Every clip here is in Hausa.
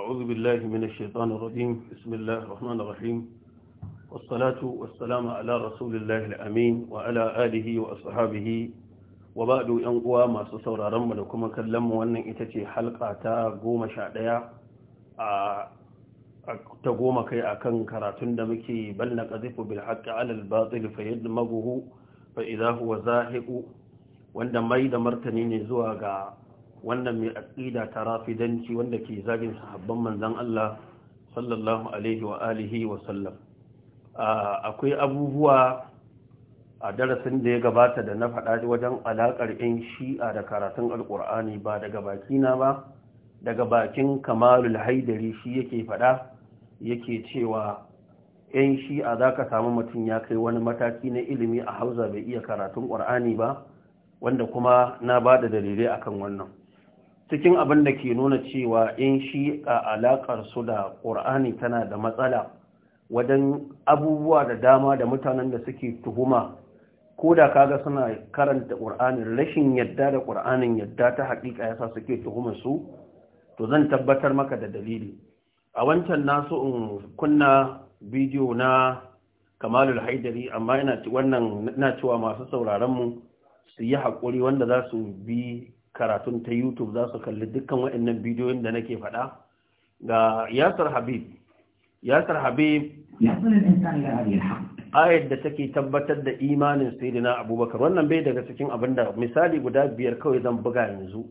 أعوذ بالله من الشيطان الرجيم بسم الله الرحمن الرحيم والصلاة والسلام على رسول الله الأمين وعلى آله وأصحابه وبعد ينقوى ما سسورا رمى لكم كلم وأن إتتي حلقة تقوم شعدية تقوم كي أكن كراتن دمكي بل نقذف بالحق على الباطل فيدمغه فإذا هو زاهق وأن ميد مرتنين زواغا wannan mai aƙida ta rafidanci wanda ke zagin sahabban manzan Allah sallallahu alaihi wa alihi wa sallam akwai abubuwa a darasin da ya gabata da na faɗa wajen alaƙar 'yan shi'a da karatun alƙur'ani ba daga bakina ba daga bakin kamalul haidari shi yake faɗa yake cewa 'yan shi'a za ka samu mutum ya kai wani mataki na ilimi a hauza bai iya karatun ƙur'ani ba wanda kuma na ba da dalilai akan wannan cikin abin da ke nuna cewa in shi a alaƙar su da ƙur'ani tana da matsala wajen abubuwa da dama da mutanen da suke tuhuma ko da kaga suna karanta ƙur'anin rashin yadda da ƙur'anin yadda ta haƙiƙa yasa suke tuhuma su to zan tabbatar maka da dalili a wancan nasu in kunna bidiyo na kamalul haidari amma ina wannan na cewa masu sauraronmu su yi haƙuri wanda za su bi karatun ta YouTube za su kalli dukkan waɗannan bidiyoyin da nake faɗa ga Yasir Habib Yasir Habib ayar da take tabbatar da imanin Sayyidina Abubakar wannan bai daga cikin abinda misali guda biyar kawai zan buga yanzu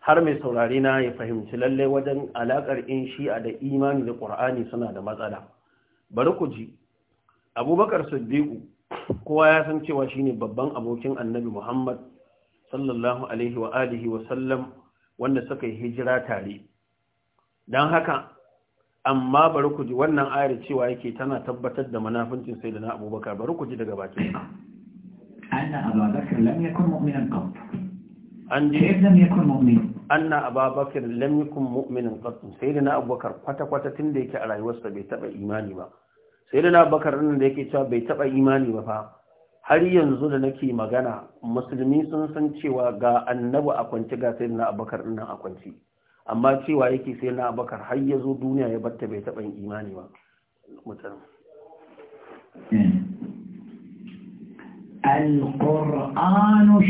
har mai saurari na ya fahimci lalle wajen alakar in shi'a da imani da Qur'ani suna da matsala bari ku ji Abubakar Siddiq kowa ya san cewa shine babban abokin Annabi Muhammad sallallahu alaihi wa alihi wa sallam wanda suka yi hijira tare don haka amma bari ku ji wannan ayar cewa yake tana tabbatar da manafincin sai da na abubakar bari ku ji daga bakin anna abubakar lam yakun mu'minan sai da na abubakar kwata kwata tun da yake a rayuwarsa bai taba imani ba sai da na abubakar nan da yake cewa bai taɓa imani ba fa har yanzu da nake magana musulmi sun san cewa ga annabi a kwanci ga sai na abakar nan a kwanci amma cewa yake sai na abakar har ya zo duniya ya batta bai taɓa imani ba mutum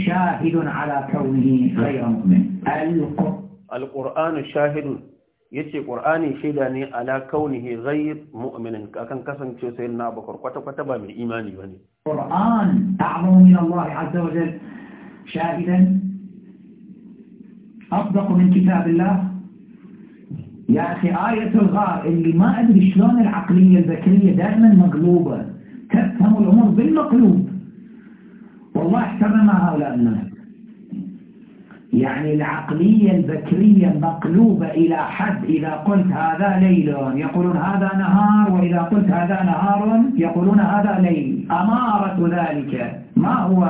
shahidun ala على كونه mu'min al-qur'anu shahidun yace qur'ani shaida ne ala kaunihi ghayr mu'minin akan kasance sai na bakar kwata kwata ba mai imani bane qur'an a'lamu min Allah azza wa jalla shahidan afdaq min ya akhi ayatul الله illi ma adri shlon al aqliyya al شلون daiman maghluba tafhamu al umur bil maqlub والله احترمها هؤلاء الناس يعني العقلية البكرية مقلوبة إلى حد إذا قلت هذا ليل يقولون هذا نهار وإذا قلت هذا نهار يقولون هذا ليل أمارة ذلك ما هو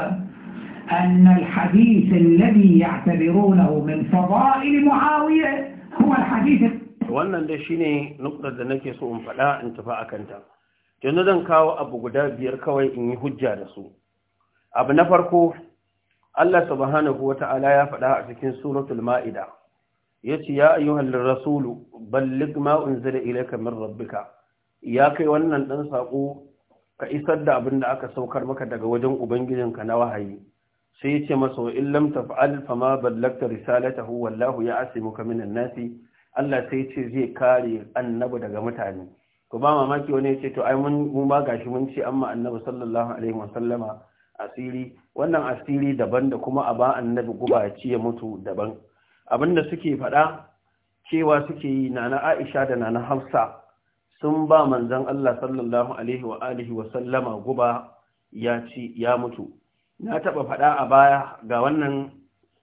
أن الحديث الذي يعتبرونه من فضائل معاوية هو الحديث وانا لشيني نقطة ne nukdar فلا انتفاء كنتا in كاو أبو tafi a إني هجا رسول أبنفركو Allah subhanahu wata'ala ya faɗa a cikin suratul ma'ida yace ya ayyuhal rasulu balligh ma unzila ilayka min rabbika ya kai wannan dan sako ka isar da abin da aka saukar maka daga wajen ubangijinka na wahayi sai yace masa wa illam taf'al fama ballagta risalatahu wallahu ya'simuka minan nasi Allah sai yace zai kare annabi daga mutane ko ba mamaki wani yace to ai mun mu ma gashi mun ce amma annabi sallallahu alaihi wasallama asiri wannan asiri daban da kuma a ba annabi guba ya ciye mutu daban abinda suke faɗa cewa suke yi na Aisha da na Hafsa sun ba manzon Allah sallallahu alaihi wa alihi wa sallama guba ya ci ya mutu na taɓa faɗa a baya ga wannan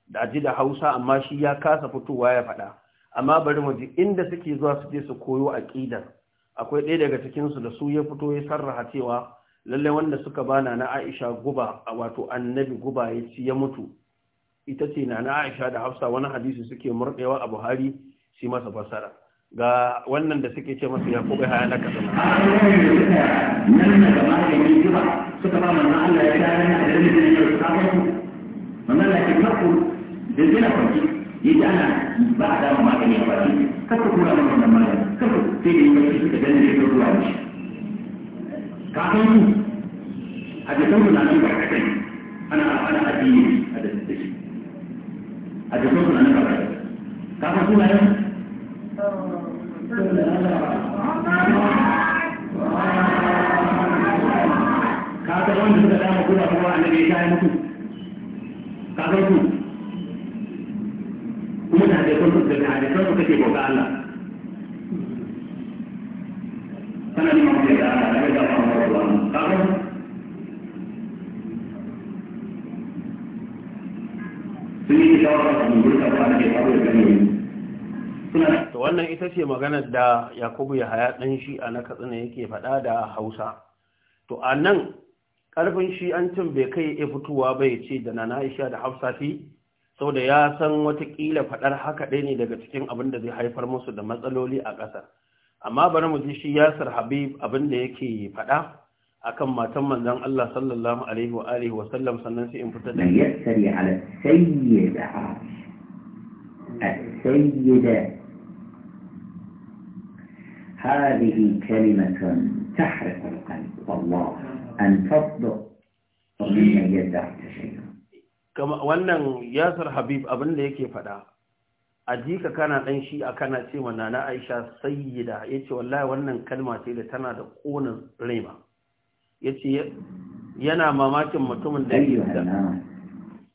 da aji da Hausa amma shi ya kasa fitowa ya faɗa amma bari mu ji inda suke zuwa su je su koyo aƙidar akwai ɗaya daga cikinsu da su ya fito ya sarraha cewa lallai wanda suka bana na Aisha guba wato annabi guba ya ci ya mutu ita ce na na Aisha da Hafsa wani hadisi suke murɗewa a Buhari shi masa fasara ga wannan da suke ce masa ya bai haya na kasana. Nan suka ba Allah ya da da kwanci ana ba a dama magani a baki. Kakka kura mana wannan magani. Kakka sai da yi mafi suka gane da ya ka san su hadisan mu na nan barkatai ana ana addini a da shi hadisan mu na nan barkatai ka san sunayen ka ga wanda suka dama kuma kuma annabi ya yi mutu ka su kuma da hadisan su da hadisan su kake bauta Allah To wannan ita ce maganar da Yakubu ya haya ɗan shi a na katsina yake faɗa da Hausa. To a nan ƙarfin shi an cin bai kai ya fitowa bai ce da na isha da hausa fi, sau da ya san watakila faɗar haka ɗaya ne daga cikin abin da zai haifar musu da matsaloli a ƙasar. amma bari mu ji shi yasir habib abin da yake faɗa akan matan manzon Allah sallallahu alaihi wa alihi wa sallam sannan sai in fita da yasari ala sayyida sayyida هذه كلمة تحرق القلب والله أن تصدق ومن يدعك شيئا كما wannan yasir habib abin da yake fada a ka kana ɗan shi a kana ce ma nana aisha sayyida ya ce wallahi wannan kalma ce da tana da ƙonin raima ya yana mamakin mutumin da yi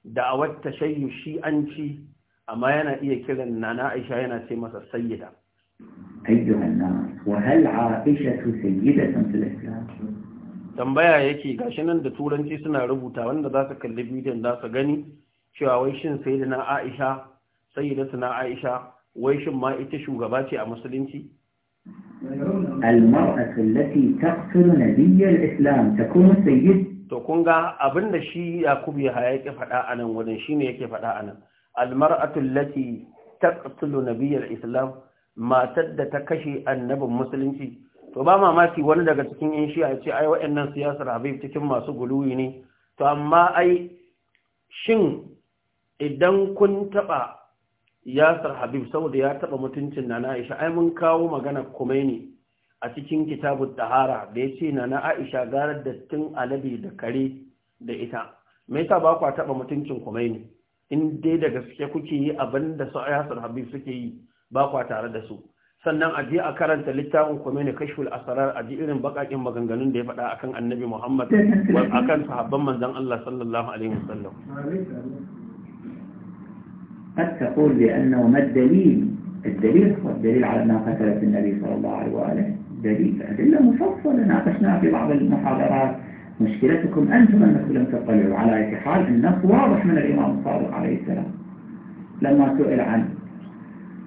da a wata shayyu shi an ci amma yana iya kiran nana aisha yana ce masa sayyida أيها tambaya yake gashi nan da turanci suna rubuta wanda za su kalli bidiyon za su gani cewa wai shin sai da na aisha sayyidatuna Aisha wai shin ma ita shugaba ce a musulunci المرأة التي تقتل نبي الإسلام تكون سيد to kun ga abin shi Yakub ya hayaki faɗa anan nan shine yake faɗa anan. nan almar'atu allati taqtulu nabiyyal islam matar da ta kashe annabin musulunci to ba mamaki wani daga cikin yan shi'a ce ai waɗannan siyasar habib cikin masu guluwi ne to amma ai shin idan kun taba yasar habib saboda ya taba mutuncin nana aisha ai mun kawo magana kumaini a cikin kitabun tahara da ya ce nana aisha garar dattin alabi da kare da ita me yasa ba kwa taba mutuncin kumaini in dai da gaske kuke yi abinda da su yasar habib suke yi ba ku tare da su sannan a je a karanta littafin kumaini kashful asrar a ji irin bakakin maganganun da ya faɗa akan annabi muhammad akan sahabban manzon allah sallallahu alaihi wasallam قد تقول بأنه ما الدليل الدليل هو الدليل على ما قتلت النبي صلى الله عليه وآله دليل أدلة مفصلة ناقشناها في بعض المحاضرات مشكلتكم أنتم أنكم لم تطلعوا على أي حال النص واضح من الإمام الصادق عليه السلام لما سئل عن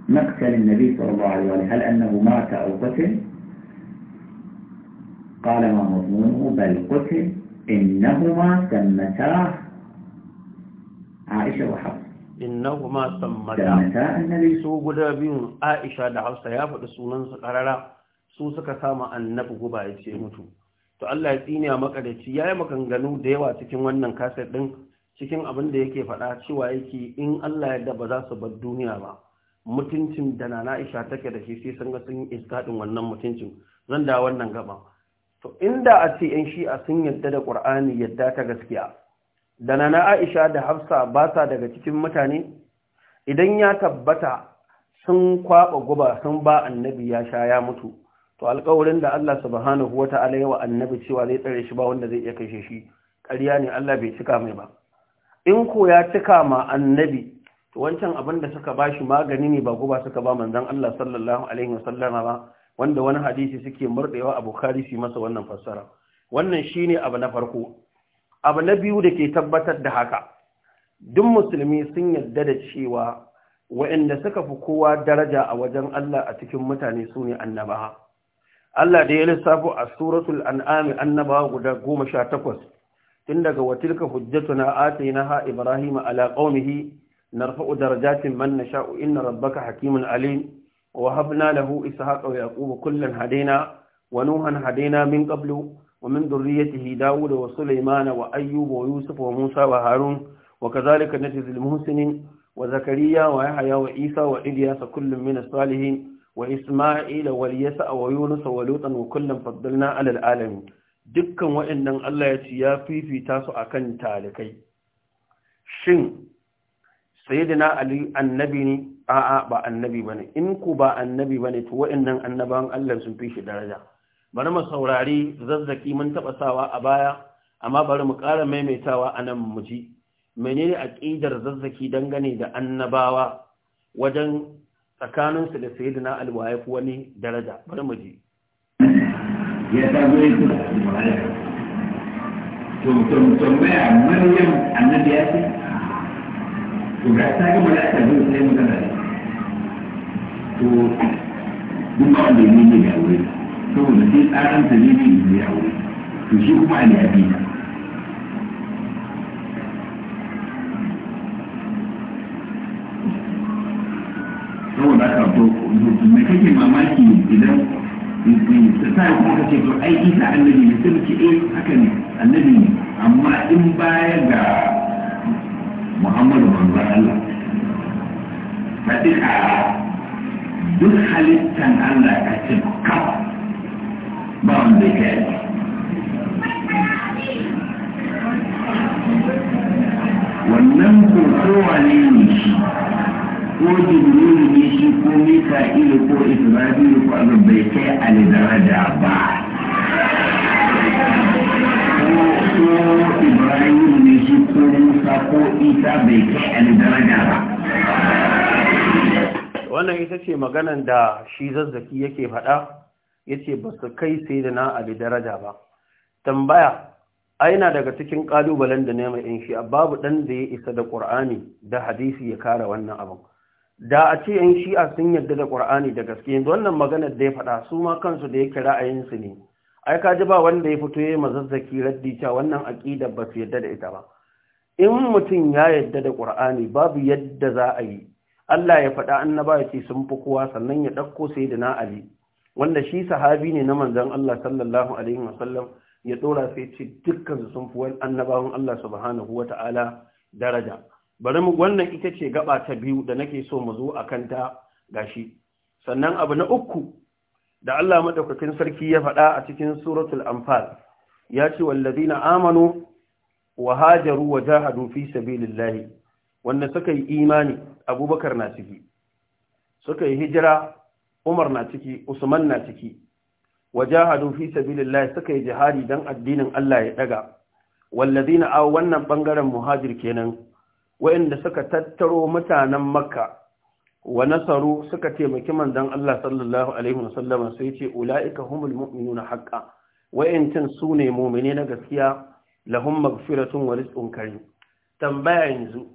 مقتل النبي صلى الله عليه وآله هل أنه مات أو قتل قال ما مضمونه بل قتل إنهما سمتاه عائشة وحفصة innahuma sammada su guda biyun Aisha da Hausa ya faɗi sunan su karara su suka samu annabi guba ya ce mutu to Allah ya tsine a makadaci yayi maganganu da yawa cikin wannan kaset ɗin, cikin abin da yake faɗa cewa yake in Allah ya da ba za su bar duniya ba mutuncin da na Aisha take da shi sai sun ga sun iskadin wannan mutuncin zan da wannan gaba to inda a ce yan shi'a sun yadda da Qur'ani yadda ta gaskiya da nana Aisha da Hafsa ba sa daga cikin mutane idan ya tabbata sun kwaɓa guba sun ba annabi ya sha ya mutu to alƙawarin da Allah subhanahu ta'ala ya wa annabi cewa zai tsare shi ba wanda zai iya kashe shi ƙarya ne Allah bai cika mai ba in ko ya cika ma annabi to wancan abin da suka ba shi magani ne ba guba suka ba manzon Allah sallallahu alaihi sallama ba wanda wani hadisi suke murdewa a Bukhari su masa wannan fassara wannan shi ne abu na farko abu na biyu da ke tabbatar da haka duk musulmi sun yadda da cewa waɗanda suka fi kowa daraja a wajen Allah a cikin mutane su ne Allah da ya lissafo a suratul an'ami annabawa guda goma sha takwas tun daga watilka hujjatuna na ibrahima ala qaumihi narfa'u darajatin man nasha'u inna rabbaka hakimun alim wa habna lahu ishaqa wa yaquba kullan hadaina wa nuhan hadaina min qablu ومن ذريته داود وسليمان وأيوب ويوسف وموسى وهارون وكذلك نجزي المحسنين وزكريا ويحيى وعيسى وإلياس كل من الصالحين وإسماعيل واليسع ويونس ولوطا وكلا فضلنا على العالمين dukkan waɗannan Allah ya ce ya fifita su akan talikai shin a Ali annabi ne a'a ba annabi bane in ku ba annabi bane to waɗannan annabawan Allah sun fi shi daraja bari mu saurari zazzaki mun taɓa sawa a baya amma bari mu ƙara maimaitawa a nan mu ji menene aƙidar zazzaki dangane da annabawa wajen tsakaninsu da sayyidina alwaye wani daraja bari mu ji ya samu yanku da tambaya maryam annabi ya ce to ga ta ga malaka zai sai magana to duk wanda ne ne ya wuri saboda sai ɗansa ne ne ya aure to shi kuma a liyabi saboda haka to me kake mamaki idan ta sa kuma kake to ai isa annabi ne sai ce eh haka ne annabi ne amma in baya ga muhammadu manzon Allah fa duka duk halittan Allah ka ce kafa ba wanda ya wannan ko kowa ne ne shi ko jibrilu ne shi ko ilu ko isra'i ko abin bai kai daraja ba ko Ibrahim ne shi ko musa ko isa bai kai alidaraja ba wannan ita ce maganan da shi zazzaki yake faɗa ya ce ba su kai sai da na abi daraja ba tambaya aina daga cikin kalubalen da ne yan shi'a babu ɗan da ya isa da ƙur'ani da hadisi ya kara wannan abin da a ce yan shi'a sun yarda da ƙur'ani da gaske yanzu wannan maganar da ya faɗa su ma kansu da yake su ne ai ka ji ba wanda ya fito ya mazazzaki raddi cewa wannan aƙidar ba su yarda da ita ba in mutum ya yadda da ƙur'ani babu yadda za a yi Allah ya faɗa annaba ya ce sun fi kowa sannan ya ɗauko sai da Ali wanda shi sahabi ne na manzan Allah sallallahu alaihi wasallam ya tsora sai ce dukkan sun fi annabawan Allah subhanahu ta'ala daraja bari mu wannan ita ce gaba ta biyu da nake so mu zo kanta ta gashi sannan abu na uku da Allah madaukakin sarki ya faɗa a cikin suratul anfal ya ce wallazina amanu wa hajaru wa jahadu fi sabilillahi wanda suka yi imani abubakar na ciki suka yi hijira Umar na ciki Usman na ciki wajahadu fi sabilillah suka yi jihadi dan addinin Allah ya daga walladina aw wannan bangaren muhajir kenan wayanda suka tattaro mutanen Makka wa nasaru suka taimaki manzon Allah sallallahu alaihi wasallam sai ce ulaika humul mu'minuna haqqan wayantin sune mu'mine na gaskiya lahun magfiratun wa rizqun karim tambaya yanzu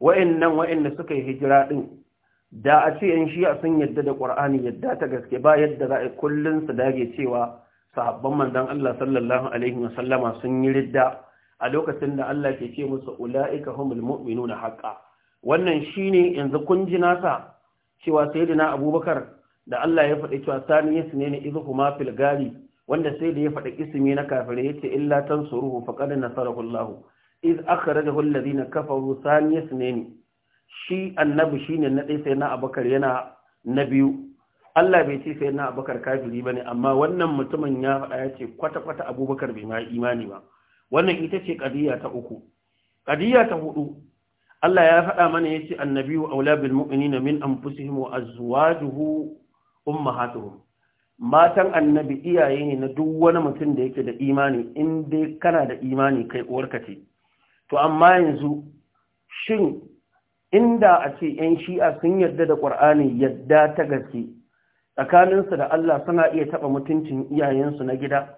wayannan wayanda suka yi hijira din da a ce yan shi'a sun yadda da ƙwar'ani yadda ta gaske ba yadda za a yi kullum su dage cewa sahabban manzan Allah sallallahu alaihi sallama sun yi ridda a lokacin da Allah ke ce musu ula'ika humul mu'minuna haqqa wannan shine yanzu kun ji nasa cewa sayyidina Abubakar da Allah ya faɗi cewa sani yasne ne izhuma fil gari wanda sai da ya faɗi ismi na kafire yace illa tansuruhu faqad nasarahu Allah iz akhrajahu alladhina kafaru sani yasne ne shi annabi shine na ɗaya sai na abakar yana na biyu Allah bai ce sai na abakar kafiri ba ne amma wannan mutumin ya faɗa ya ce kwata-kwata abubakar bai ma imani ba wannan ita ce ƙadiyya ta uku ƙadiyya ta hudu Allah ya faɗa mana ya ce annabi wa aula bil mu'minina min anfusihim wa azwajuhu ummahatuhum matan annabi iyaye ne na duk wani mutum da yake da imani in dai kana da imani kai uwarka ce to amma yanzu shin inda a ce 'yan shi'a sun yarda da ƙwar'ani yadda ta gaske tsakaninsu da Allah suna iya taɓa mutuncin iyayensu na gida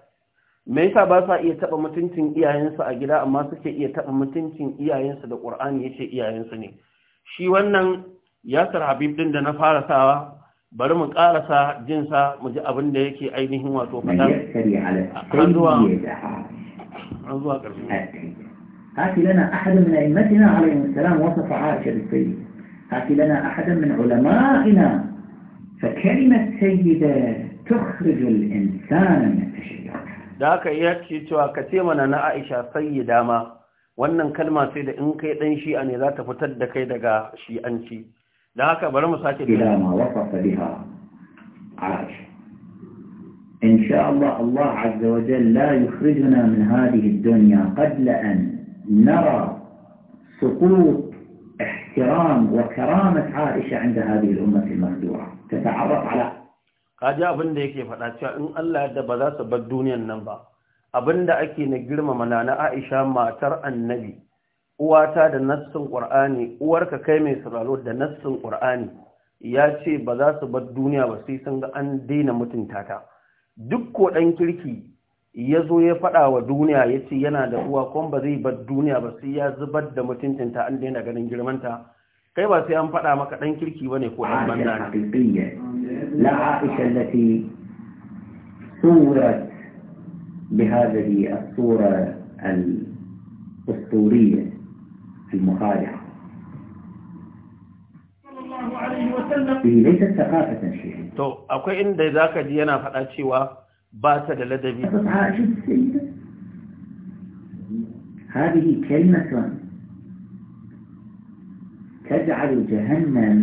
me yasa ba sa iya taɓa mutuncin iyayensu a gida amma suke iya taɓa mutuncin iyayensu da ƙwar'ani ya ce iyayensu ne shi wannan yasar habib din da na fara sawa bari mu karasa jinsa mu ji abin da yake ainihin wato faɗa هات لنا أحد من أئمتنا عليهم السلام وصف عائشة بالسيدة هات لنا أحد من علمائنا فكلمة سيدة تخرج الإنسان من التشيع ذاك haka ya كثيرا أنا عائشة سيدة ما na Aisha sayyida ma wannan kalma sai da in kai dan shi'a ne za ta fitar da kai daga shi'anci da haka bari mu sake ila ma إن شاء الله الله عز وجل لا يخرجنا من هذه الدنيا قبل أن نرى سقوط احترام وكرامة عائشة عند هذه الأمة المهدورة تتعرف على kaji abin da yake faɗa cewa in Allah yadda ba za su bar duniyar nan ba abin da ake na girmama na Aisha matar annabi uwata da nassin Qur'ani uwarka kai mai sauraro da nassin Qur'ani ya ce ba za su bar duniya ba sai sun ga an daina mutuntata. duk ko ɗan kirki ya zo ya faɗa wa duniya ya ce yana da uwa kuma ba zai bar duniya ba sai ya zubar da mutuncinta an daina ganin girmanta kai ba sai an faɗa maka ɗan kirki ba ne ko ɗan banda ne la aisha allati surat bi hadhihi as-sura al-usturiyya al-mukhaliqa to akwai inda zaka ji yana faɗa cewa ba ta da ladabi هذه كلمة تجعل جهنم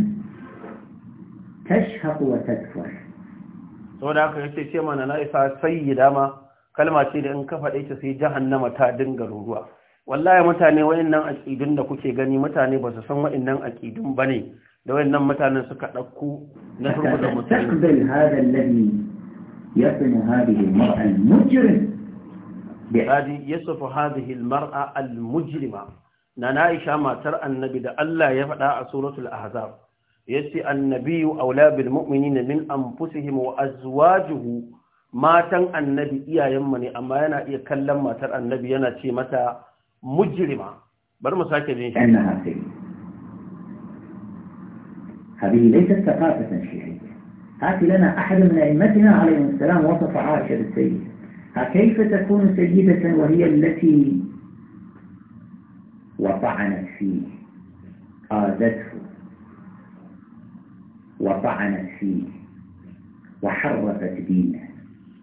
تشهق وتكفر da haka yake ce mana na isa sayyida ma kalma ce da in ka faɗe ta sai jahannama ta dinga garuruwa. wallahi mutane wayannan aqidun da kuke gani mutane ba su san wayannan aqidun bane da wayannan mutanen suka dauko na turbu da mutane يصف هذه المرأة المجرمة بهذه يصف هذه المرأة المجرمة نعيش ما ترى النبي الله يفعل سورة الأحزاب يسي النبي أولى بالمؤمنين من أنفسهم وأزواجه ما تن النبي إيا يمني أما ينا يكلم ما ترى النبي ينتي متى مجرمة برمو ساكي جنشي أنها سيئة هذه ليست ثقافة شيئية هات لنا أحد من أئمتنا عليهم السلام وصف عائشة بالسيدة كيف تكون سيدة وهي التي وطعنت فيه آذته وطعنت فيه وحرفت دينه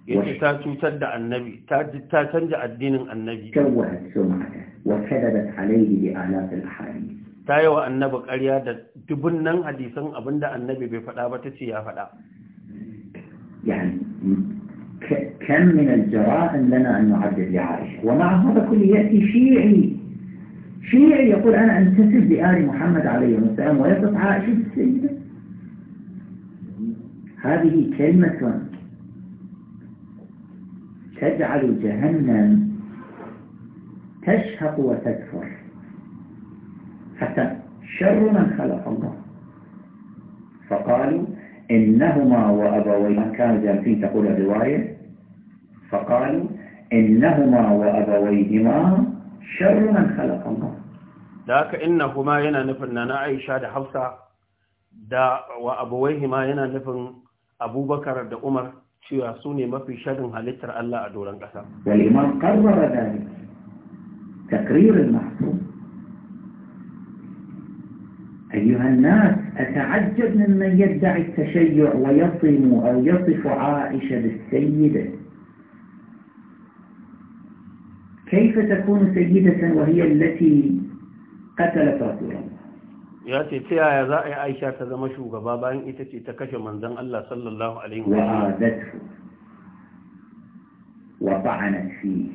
yace ta cutar da annabi ta canja addinin annabi kawai sumata wa ta yi wa annabi ƙarya da dubun nan hadisan abinda annabi bai faɗa ba ta ce ya faɗa كم من الجرائم لنا أن نعدد لعائشة ومع هذا كل يأتي شيعي شيعي يقول أنا أنتسب لآل محمد عليه السلام ويصف عائشة السيدة هذه كلمة تجعل جهنم تشهق وتكفر حتى شر من خلق الله فقالوا إنهما وأبويهما كان جالسين تقول الرواية فقالوا إنهما وأبويهما شر من خلق الله ذاك إنهما ينا نفن عائشة ده حفصة دا وأبويهما ينا نفن أبو بكر دا عمر شو يسوني ما في شر من Allah الله doron ƙasa. والإمام قرر ذلك تقرير takririn أيها الناس أتعجب ممن يدعي التشيع ويصم أو يصف عائشة بالسيدة كيف تكون سيدة وهي التي قتلت رسول الله يا سيدي يا ذا اي عائشة تزم شوغا بابا ان ايتا تي من منزن الله صلى الله عليه وسلم وعادته وطعنت فيه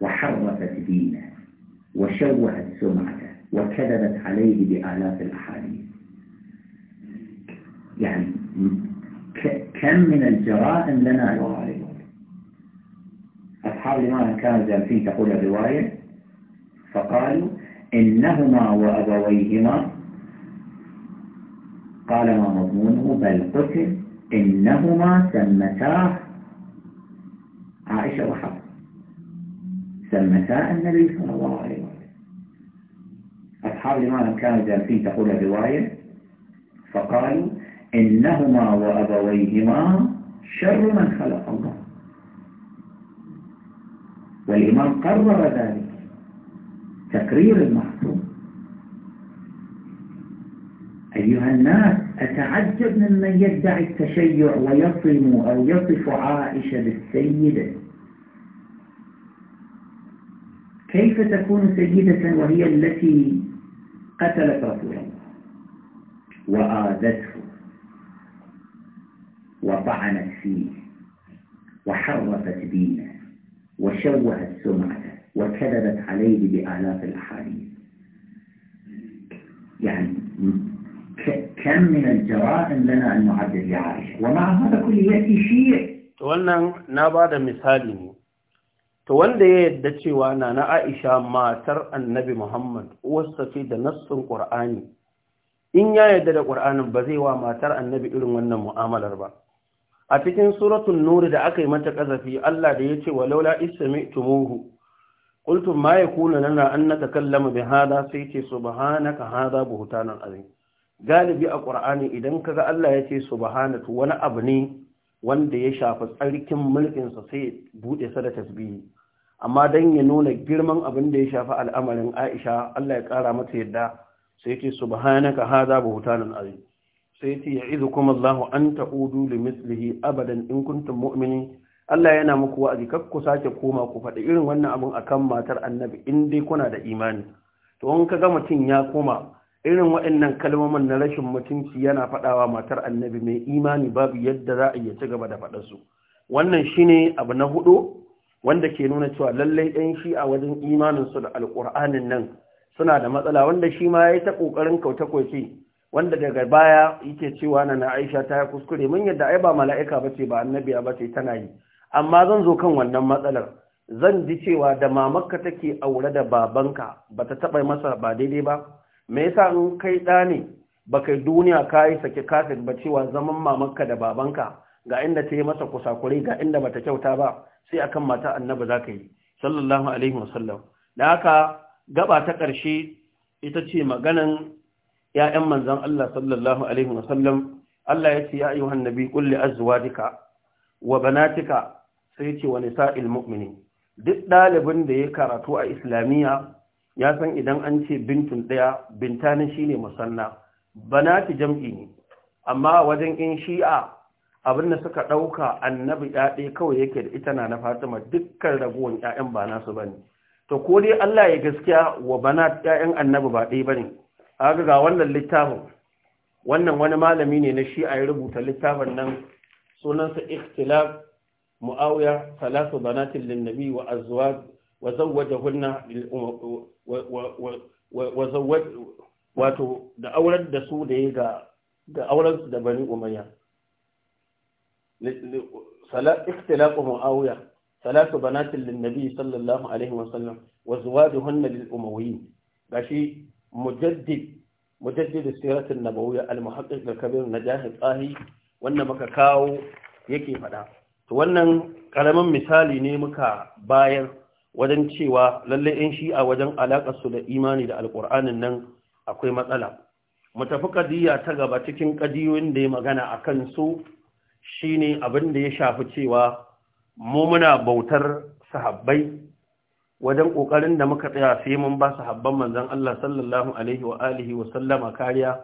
وحرفت دينه وشوهت سمعته وكذبت عليه بآلاف الأحاديث يعني كم من الجرائم لنا يغالبون أصحاب الإمام كانوا جالسين تقول الرواية فقالوا إنهما وأبويهما قال ما مضمونه بل قتل إنهما سمتاه عائشة وحفص سمتا النبي صلى الله عليه وسلم أصحاب الإمام كانوا جالسين تقول الرواية فقالوا إنهما وأبويهما شر من خلق الله والإمام قرر ذلك تقرير المحكوم أيها الناس أتعجب ممن يدعي التشيع ويصم أو يصف عائشة بالسيدة كيف تكون سيدة وهي التي قتلت رسولا وآذته وطعنت فيه وحرفت دينه وشوهت سمعته وكذبت عليه بآلاف الأحاديث يعني كم من الجرائم لنا أن نعدد لعائشة ومع هذا كله يأتي شيء wannan نابعد مثالي to wanda ya yadda cewa na Aisha matar Annabi Muhammad uwarsa ce da nassin Kur'ani. in ya yadda da Qur'anin ba zai wa matar Annabi irin wannan mu'amalar ba a cikin suratun nuri da aka yi mata kazafi Allah da yace walaula istami'tumuhu qultum ma yakunu lana an natakallama bi hada sai ce subhanaka hada buhutanar azim galibi a Qur'ani idan kaga Allah yace subhanaka wani abu ne wanda ya shafi tsarkin mulkinsa sai bude sa da tasbihi amma dan ya nuna girman abin da ya shafi al'amarin aisha Allah ya kara mata yadda sai ce subhanaka hadha buhtanun azim sai ce ya'idukum Allah an ta'udu li abadan in kuntum mu'minin Allah yana muku wa'azi kar ku sake koma ku faɗi irin wannan abin akan matar annabi in dai kuna da imani to in kaga mutum ya koma irin waɗannan kalmomin na rashin mutunci yana faɗawa matar annabi mai imani babu yadda za a iya ci gaba da su. wannan shine abu na hudu wanda ke nuna cewa lallai ɗan shi a wajen imaninsu da alƙur'anin nan suna da matsala wanda shi ma ya yi ta ƙoƙarin kautakwace wanda daga baya yake cewa na aisha ta ya kuskure mun yadda ai ba mala'ika ba ce ba annabiya ba ce tana yi amma zan zo kan wannan matsalar zan ji cewa da mamakka take aure da babanka bata ta taɓa masa ba daidai ba me yasa in kai ɗa ne ba kai duniya ka yi sake kafin ba cewa zaman mamanka da babanka ga inda ta yi masa kusakurai ga inda bata kyauta ba sai akan mata annaba za ka yi sallallahu alaihi wasallam da haka gaba ta ƙarshe ita ce maganan ‘ya'yan manzan Allah sallallahu alaihi wasallam Allah ya ce ya ayyuhan nabi kulli azwajika wa banatika sai ce wa nisa'il mu'minin duk ɗalibin da ya karatu a islamiyya ya san idan an ce bintun ɗaya bintanin shi ne musanna banati jam'i ne amma wajen in shi'a abin da suka ɗauka annabi ya ɗaya kawai yake da ita na na fatima dukkan raguwan 'ya'yan ba nasu ba ne to ko dai allah ya gaskiya wa banat 'ya'yan annabi ba ɗaya ba ne ga wannan littafin wannan wani malami ne na shi'a ya rubuta littafin nan sunansa ikhtilaf mu'awiya salatu banatin linnabi wa azwaj wa zawwajahunna bil wa zawwaj wato da auren da su da ya ga da auren su da bani umayya salat ikhtilaqu muawiya salatu banatin lin nabi sallallahu alaihi wa sallam wa zawajuhunna lil umawiyyin gashi mujaddid mujaddid siratin nabawiyya al muhaqqiq al kabir najah tsahi wannan muka kawo yake fada to wannan karamin misali ne muka bayar wajen cewa lallai 'yan shi'a wajen su da imani da alƙur'anin nan akwai matsala mu tafi kadiyya ta gaba cikin kadiyoyin da ya magana a kansu shine abin da ya shafi cewa mu muna bautar sahabbai wajen ƙoƙarin da muka tsaya sai mun ba sahabban manzan Allah sallallahu alaihi wa alihi wa sallama kariya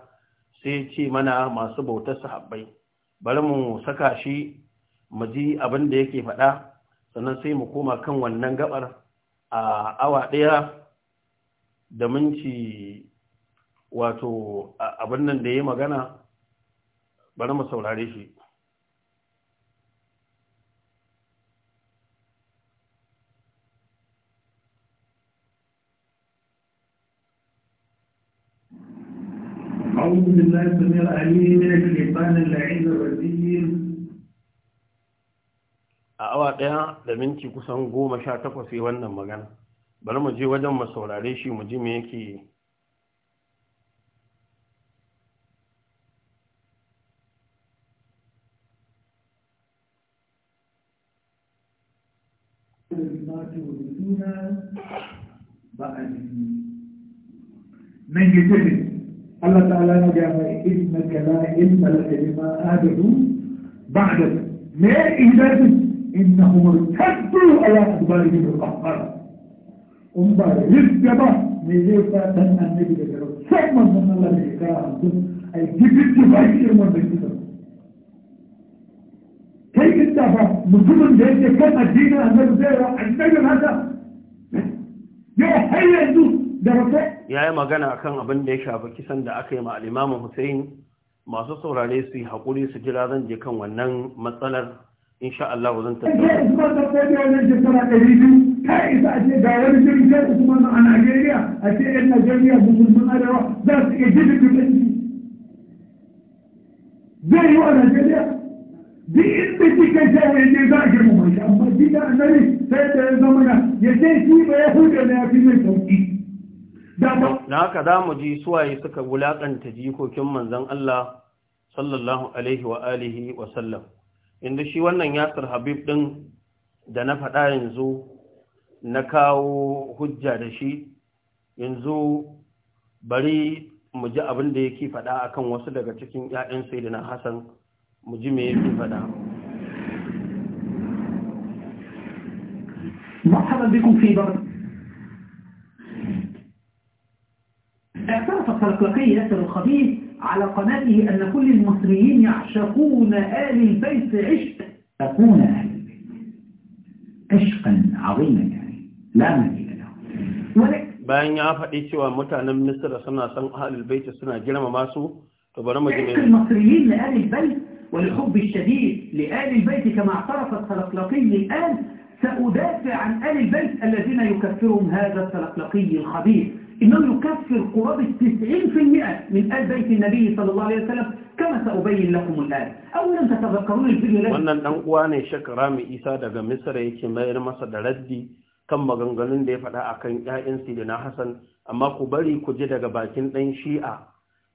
sai ce mana masu bautar sahabbai bari mu saka shi mu ji abin da yake faɗa sannan sai mu koma kan wannan gabar a awa ɗaya da minci wato abin nan da ya magana bari mu saurare shi أعوذ بالله السميع العليم من الشيطان اللعين الرجيم a awa ɗaya da minti kusan goma sha takwas wannan magana bari mu je wajen mu saurare shi mu ji me yake من na الله تعالى نجاه إنك لا علم لك لما آدم بعد ما إهداده إنهم ارتدوا على أدبارهم الأحمر هم بعد يجب تنى النبي لجرد ثم من الله لإقاء عبدون أي جبت جبايشر من بكتر كي انتفع مسلم جيد كان الدين النبي زيرا النبي هذا يوحي عنده درسة ya yi magana akan abin da ya shafi kisan da aka yi ma al'imamu Hussein masu saurare su yi haƙuri su jira zan je kan wannan matsalar in sha Allah zan ta isa ce ga wani a a ce yan arewa za su iya zai yi wa ce a sai da zama na ya shi ya na ya fi haka za mu ji suwaye suka wulaƙanta jikokin manzon Allah sallallahu alaihi wa inda shi wannan yasir habib ɗin da na faɗa yanzu na kawo hujja da shi yanzu bari mu ji abin da yake faɗa akan wasu daga cikin 'ya'yan na hassan mu ji me yake faɗa مرحبا بكم في بر اعترف الخلقلقي ياسر الخبيث على قناته أن كل المصريين يعشقون آل البيت عشق تكون آل البيت عشقا عظيما يعني لا مثيل له ولكن bayan ya faɗi cewa mutanen Misra suna san ahlul bait suna girmama su to bari mu ji المصريين لآل البيت والحب الشديد لآل البيت كما اعترف الخلقلقي الآن سأدافع عن آل البيت الذين يكفرهم هذا الخلقلقي الخبيث إنه يكفر قرابة 90% من آل بيت النبي صلى الله عليه وسلم كما سأبين لكم الآن أولا تتذكرون الفيديو لدي وانا نقواني شك رامي إيسا دقا مصر يكي ما إرما سدردي كم مغنغلن دي فتا أكين إيان سيدنا حسن أما قبالي كجد دقا باكين لين شيئا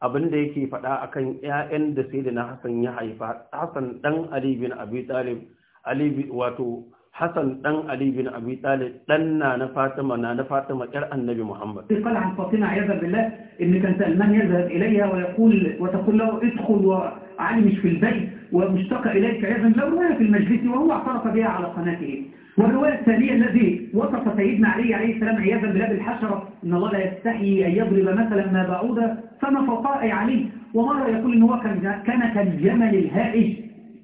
أبن دي كي فتا أكين إيان سيدنا حسن يحيفا حسن دن علي بن أبي طالب علي بن واتو حسن دان علي بن ابي طالب دنا نا فاطمه نا فاطمه كر النبي محمد قال عن فاطمه عياذا بالله ان كان سلمان يذهب اليها ويقول وتقول له ادخل وعلي مش في البيت ومشتاق اليك عياذا لو وهي في المجلس وهو اعترف بها على قناته والرواية الثانية الذي وصف سيدنا علي عليه السلام عياذا بالله بالحشرة إن الله لا يستحي أن يضرب مثلا ما بعوضة فما فوقاء علي ومرة يقول إن هو كان كان كالجمل الهائج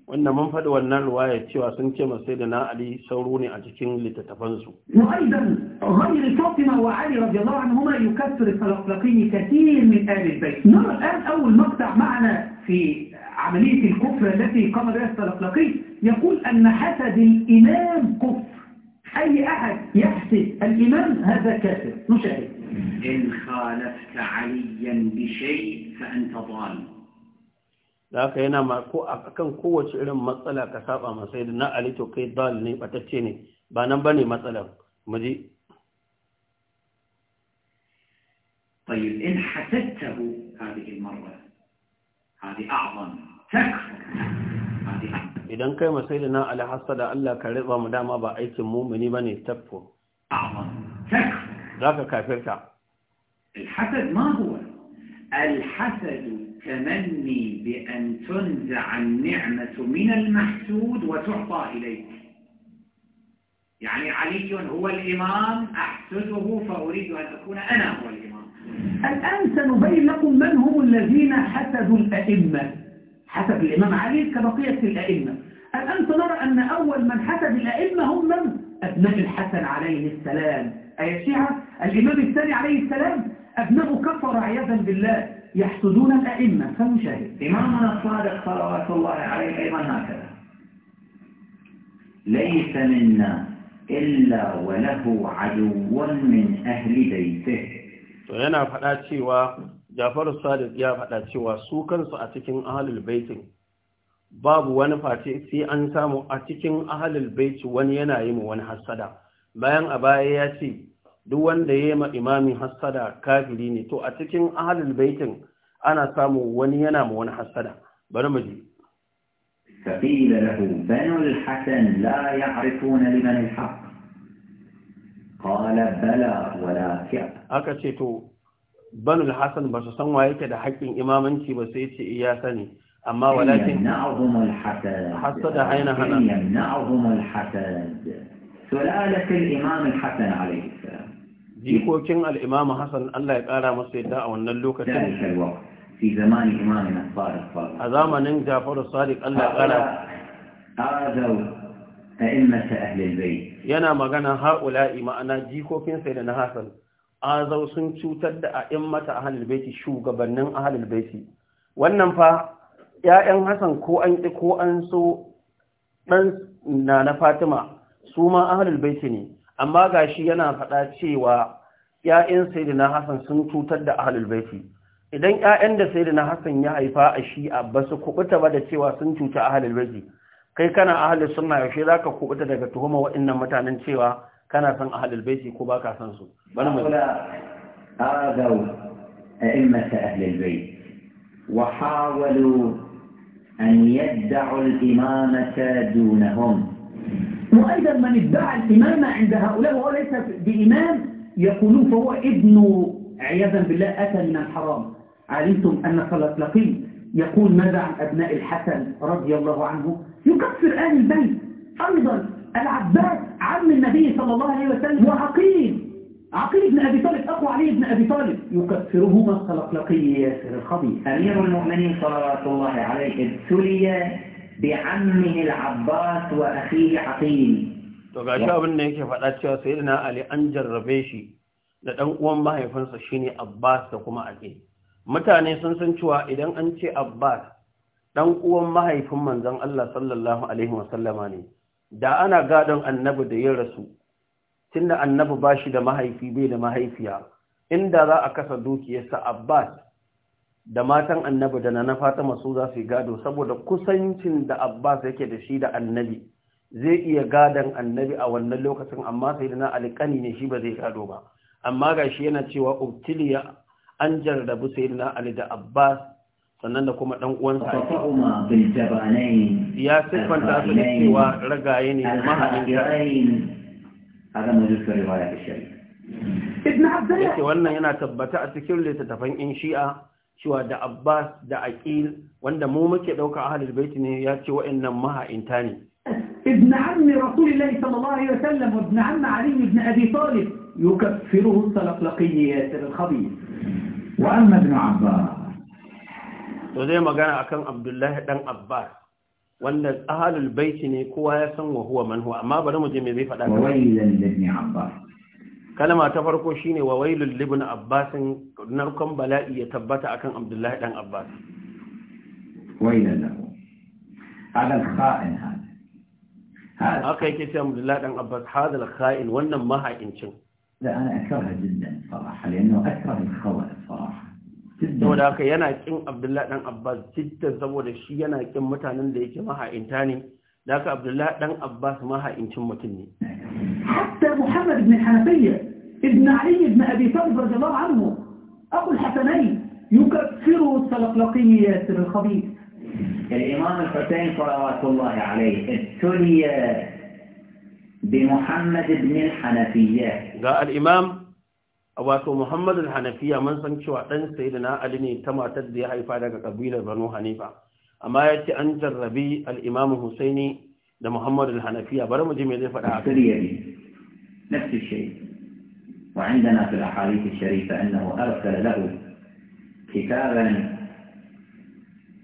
wanda mun faɗi wannan ruwaya cewa sun ce masai da na Ali sauro ne a cikin littattafansu. وأيضا غير شوقنا وعلي رضي الله عنهما يكثر الخلقين كثير من آل البيت. نرى الآن أول مقطع معنا في عملية الكفر التي قام بها الخلقي يقول أن حسد الإمام كفر. أي أحد يحسد الإمام هذا كافر. نشاهد. إن خالفت عليا بشيء فأنت ضال. da haka yana marko a kan kowace irin matsala ka saba masa yadda na alito kai dal ne batacce ne ba طيب إن حسدته هذه المرة هذه أعظم تكفر هذه أعظم إذا كما سيدنا على حسد ألا كرضا مدام أبا أيت المؤمن بني تكفر أعظم تكفر ذاك كافر كافرك الحسد ما هو الحسد التمني بأن تنزع النعمة من المحسود وتعطى إليه يعني علي هو الإمام أحسده فأريد أن أكون أنا هو الإمام الآن سنبين لكم من هم الذين حسدوا الأئمة حسد الإمام علي كبقية الأئمة الآن سنرى أن أول من حسد الأئمة هم من؟ أبناء الحسن عليه السلام أي الشيعة الإمام الثاني عليه السلام أبناء كفر عياذا بالله يحسدون الأئمة فالمشاهد إمامنا الصادق صلوات الله عليه أيضا هكذا ليس منا إلا وله عدو من أهل بيته وهنا فلاتي جعفر الصادق يا فلاتي و سوكن سأتكين أهل البيت باب وان فاتي سي أنسامو أتكين أهل البيت وان ينايم وان حسدا بيان أبايا يا duk wanda ya ma imami hasada kafiri ne to a cikin ahlul baitin ana samu wani yana ma wani hasada bari mu ji فقيل له بنو الحسن لا يعرفون لمن الحق قال بلى ولكن aka ce to banu al-hasan ba su san waye ke da haƙƙin imamanci ba sai ce iya sani amma walakin na'zum al-hasad hasada haina hana na'zum al-hasad سلالة الإمام الحسن عليه السلام jikokin al'imamu hassan allah ya ƙara masa yadda a wannan lokacin a zamanin jafaru sadiq allah ya ƙara أئمة أهل البيت ينا مغانا هؤلاء da جيكو فين سيدنا حسن آزو سنشو تد أئمة أهل البيت شو قبنن أهل البيت wannan fa ‘ya'yan Hassan ko an ƙi ko an so ɗan na na Fatima su ma ahalul baiti ne amma gashi yana faɗa cewa ‘ya'yan Sayyidina Hassan sun cutar da ahalul baiti idan ‘ya'yan da Sayyidina Hassan ya haifa a shi'a ba su kubuta ba da cewa sun cuta ahalul baiti kai kana ahalul sunna yaushe za ka kubuta daga tuhuma waɗannan mutanen cewa kana son ahalul baiti ko ba ka san su bari mu آذوا أئمة أهل البيت وحاولوا أن يدعوا imamata dunahum وأيضا من ادعى الإمامة عند هؤلاء وهو ليس بإمام يقولون فهو ابن عياذا بالله أتى من الحرام علمتم أن لقيم يقول ماذا عن أبناء الحسن رضي الله عنه يكفر آل البيت أيضا العباس عم النبي صلى الله عليه وسلم وعقيل عقيل بن أبي طالب أقوى علي بن أبي طالب يكفرهما خلقلقي ياسر الخبيث أمير المؤمنين صلوات الله عليه ابتلي بعمه العباس وأخيه عقيل to ga abin da yake faɗa cewa sai da Ali an jarrabe shi da ɗan uwan mahaifinsa shine Abbas da kuma Aqil mutane sun san cewa idan an ce Abbas ɗan uwan mahaifin manzon Allah sallallahu alaihi wasallama ne da ana gadon annabi da ya rasu tunda annabi bashi da mahaifi bai da mahaifiya inda za a kasa dukiyarsa Abbas da matan annabi da na fata masu za su yi gado saboda kusancin da abbas yake da shi da annabi zai iya gadon annabi a wannan lokacin amma sai da na alƙani ne shi ba zai gado ba amma ga shi yana cewa ubtiliya an jarrabu sai da na ali da abbas sannan da kuma ɗan uwansa ya siffanta su da cewa ragaye ne da mahaɗin هذا wannan yana tabbata a cikin littattafan in shi'a cewa da Abbas da Aqil wanda mu muke dauka ahlul bait ne ya ce wa'annan maha'inta ne ibn ammi rasulullahi sallallahu alaihi wasallam ibn amma ali ibn abi talib yukaffiru salaflaqiyat al-khabith wa amma ibn abbas to dai magana akan Abdullah dan abbas wanda ahlul bait ne kowa ya san wa huwa man huwa amma bari mu je me zai fada faɗa wailan ibn abbas Kalama ta farko shine wa wailul libn abbasin narkon bala'i ya tabbata akan abdullahi dan abbas wailala hadal kha'in hada haka yake ce abdullahi dan abbas hadal kha'in wannan mahaƙincin da ana akraha jiddan saraha lanno akraha al-khawa saraha yana kin abdullahi dan abbas jiddan saboda shi yana kin mutanen da yake maha'inta ne ذاك عبد الله دان عباس ما ها انتم متني حتى محمد بن الحنفيه ابن علي بن ابي طالب رضي الله عنه اقول حسنين يكفر التلقلقيات الخبيث الامام الحسين صلوات الله عليه ابتلي بمحمد بن الحنفيه جاء الامام wato محمد الحنفيه من san cewa سيدنا sayyidina Ali ne ta matar da بنو حنيفه أما يأتي أنت الربي الإمام حسيني husaini محمد الحنفية al-hanafiya bari نفس الشيء وعندنا في الأحاديث الشريفة أنه أرسل له كتابا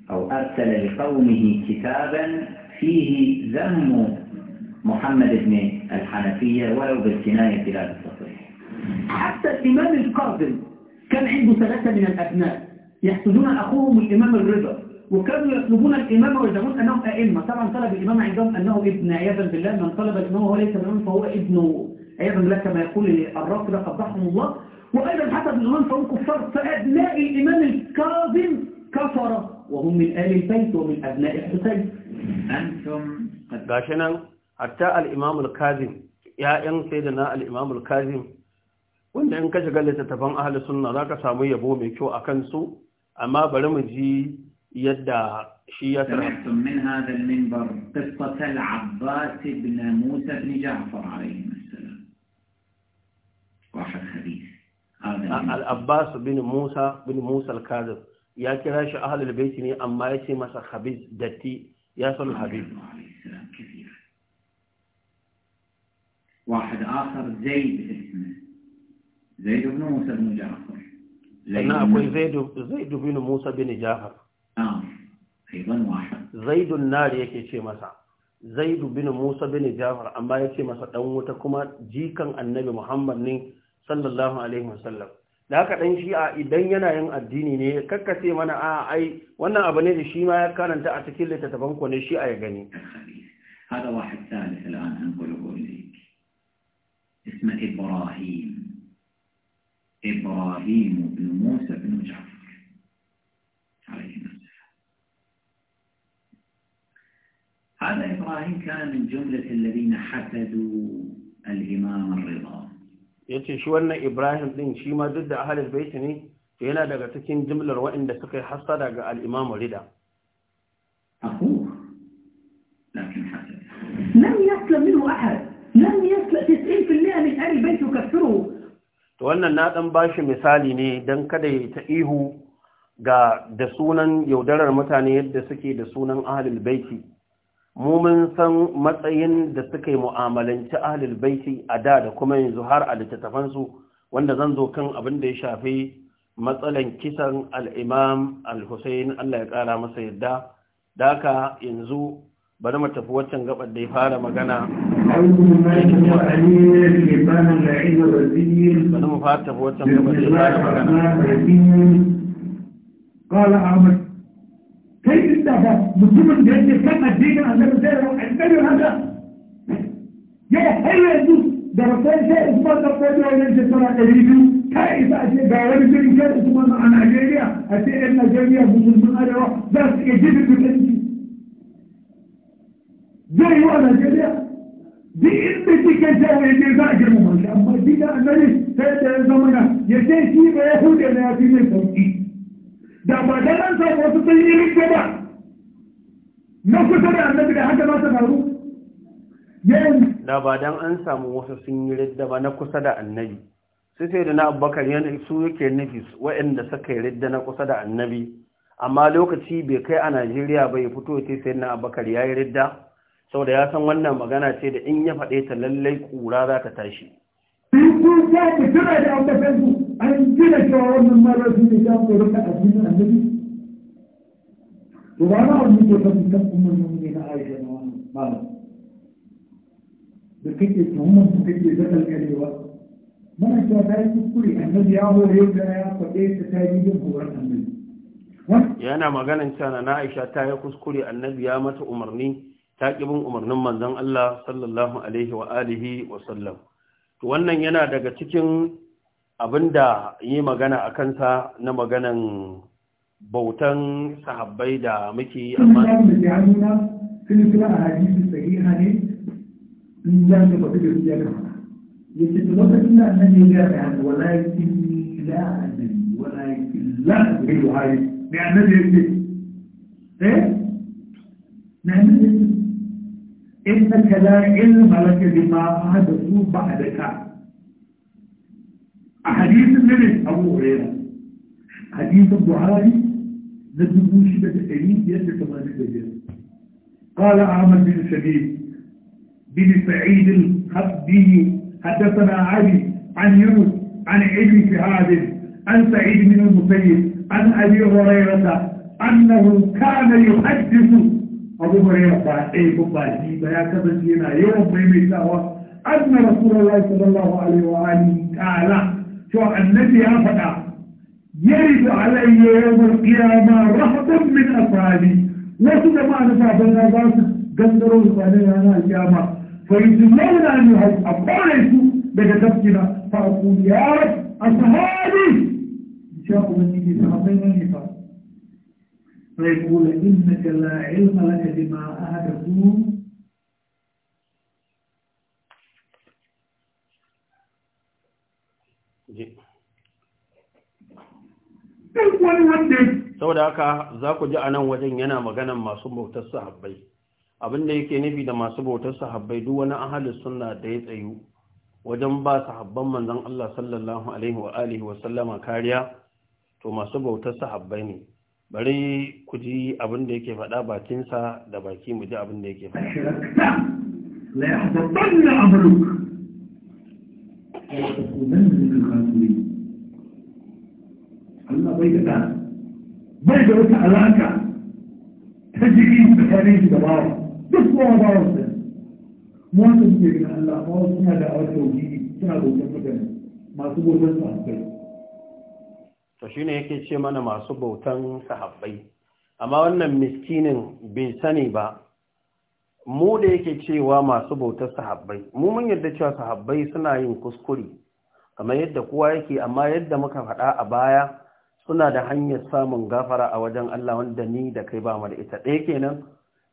أو أرسل لقومه كتابا فيه ذم محمد بن الحنفية ولو بالكناية لا بالتصريح حتى الإمام القاضي كان عنده ثلاثة من الأبناء يحسدون أخوهم الإمام الرضا وكانوا يطلبون الإمامة ويزعمون أنهم أئمة طبعا طلب الإمام عندهم أنه ابن عياذا بالله من طلب الإمامة هو ليس الإمام فهو ابن عياذا بالله كما يقول الرافضة قبحهم الله وأيضا حسب الإمام فهم كفار فأبناء الإمام الكاظم كفر وهم من آل البيت ومن أبناء الحسين أنتم قد باشنا حتى الإمام الكاظم يا إن سيدنا الإمام الكاظم wanda in ka shiga littattafan ahalus sunna zaka samu yabo mai kyau akan su amma bari mu ji يدى شيئا سمعتم من هذا المنبر قصة العباس بن موسى بن جعفر عليهما السلام واحد خبيث آه، العباس بن موسى بن موسى الكاذب يا كراش أهل البيت ني أما يسي مسا خبيث دتي يا صلى الحبيب عليه السلام كثير واحد آخر زيد اسمه زيد بن موسى بن جعفر زيد, زيد, زيد بن موسى بن جعفر زيد النار yake ce masa زيد بن موسى بن جعفر amma ya ce masa dan wuta kuma jikan annabi muhammad ne sallallahu alaihi wasallam da haka dan shi'a idan yana yin addini ne kakkace mana a ai wannan abu ne da shi ma ya karanta a cikin littattafan ku ne shi a ya gani هذا واحد ثالث الآن أنقله إليك اسمه إبراهيم إبراهيم بن موسى بن جعفر عليه السلام هذا إبراهيم كان من جملة الذين حسدوا الإمام الرضا يعني شو أن إبراهيم دين شي ما ضد أهل البيت ني فينا دقا تكين جملة وإن دقا حسد الإمام الرضا أخوه لكن حسد لم يسلم منه أحد لم يسلم 90% من أهل البيت وكفره wannan na dan bashi misali مثالي ني kada ya ta ihu ga da sunan yaudarar mutane yadda suke da sunan ahlul baiti mu mun san matsayin da suka yi mu'amalanci ahlul baiti a da da kuma yanzu har a littattafansu wanda zan zo kan abin da ya shafi matsalan kisan al'imam al-hussein Allah ya ƙara masa yadda da haka yanzu bari mu tafi waccan gabar da ya fara magana bari mu fara tafi waccan gabar da magana kai din da ba mutumin da yake kan addinin annabi sai ran annabi haka ya har yanzu da rafai sai Usman da fadi wannan shekara ɗari biyu kai isa a ce ga wani jirgin kai Usman a Najeriya a ce ɗan Najeriya musulmin arewa za su iya jirgin kudanci zai yi wa Najeriya duk inda kike jawo ne za a girmama shi amma duk da annabi sai da ya zama ya ce shi ba ya hude na ya fi mai sauki da ba da an samu wasu sun yi rike ba na kusa da annabi da haka ba ta faru da ba dan an samu wasu sun yi ridda ba na kusa da annabi sai sai da na abubakar yana su yake nufi waɗanda suka yi ridda na kusa da annabi amma lokaci bai kai a najeriya ba ya fito ce sai na abubakar ya yi ridda saboda ya san wannan magana ce da in ya faɗe ta lallai ƙura za ta tashi. Sun kuka ku tuna da abubakar ku an gina cewa wannan mara su ne za ku rika addinin annabi to ba na wani ke fadi kan umar mu ne na aisha na wannan malam da kake tuhumar su kake zakal karewa mana cewa ta yi kuskure annabi ya hore da ya faɗe ta ta yi yin horon annabi yana maganan cewa na aisha ta yi kuskure annabi ya mata umarni ta ƙi bin umarnin manzon Allah sallallahu alaihi wa alihi wa sallam to wannan yana daga cikin abinda yi magana a kansa na maganan bautan sahabbai da muke yi amma silsila a hadisi yi ne in za ka faɗi da rujiyar da ya ce lokacin da annabi ya gaya mai wala ya fi la annabi wala ya fi la annabi buhari mai annabi ya ce eh mai annabi ya ce la ilma laka bima hadathu ba'daka أحاديث من أبو هريرة حديث البخاري لدبو شبة الأليم يسر كمان الدجال قال عامر بن سبيل بن سعيد الخبي حدثنا علي عن يونس عن ابن شهاب عن سعيد بن المسيب عن أبي هريرة أنه كان يحدث أبو هريرة أي بباجي بيا كبدينا يوم بيميتاوا أن رسول الله صلى الله عليه وآله قال فالذي أفدع يريد علي يوم القيامة رهض من أفعالي وصد ما نفع في الناس قدروا علي أنا القيامة فيتلون أن يهد أفعالك بجدبتنا فأقول يا رب أصحابي شاقوا مني في سعبين النفع فيقول إنك لا علم لك بما أهدتون duk wani wanda saboda haka za ku ji a nan wajen yana maganan masu bautar sahabbai abin yake nufi da masu bautar sahabbai duk wani ahli suna da ya tsayu wajen ba sahabban manzon Allah sallallahu alaihi wa alihi wa sallama kariya to masu bautar sahabbai ne bari ku ji abin da yake faɗa bakinsa da baki mu ji abin da yake faɗa la yahdabanna amruk wa min Allah bai da ɗa bai da wata alaƙa ta jiri tsakanin shi da bawa duk kowa bawa sai. mu wanda suke gina Allah bawa suna da awar tauhidi suna bautar mutane masu bautar sahabbai to shine yake ce mana masu bautan sahabbai amma wannan miskinin bai sani ba mu da yake cewa masu bautar sahabbai mu mun yadda cewa sahabbai suna yin kuskure kamar yadda kowa yake amma yadda muka faɗa a baya suna da hanyar samun gafara a wajen Allah wanda ni da kai ba mu da ita ɗaya kenan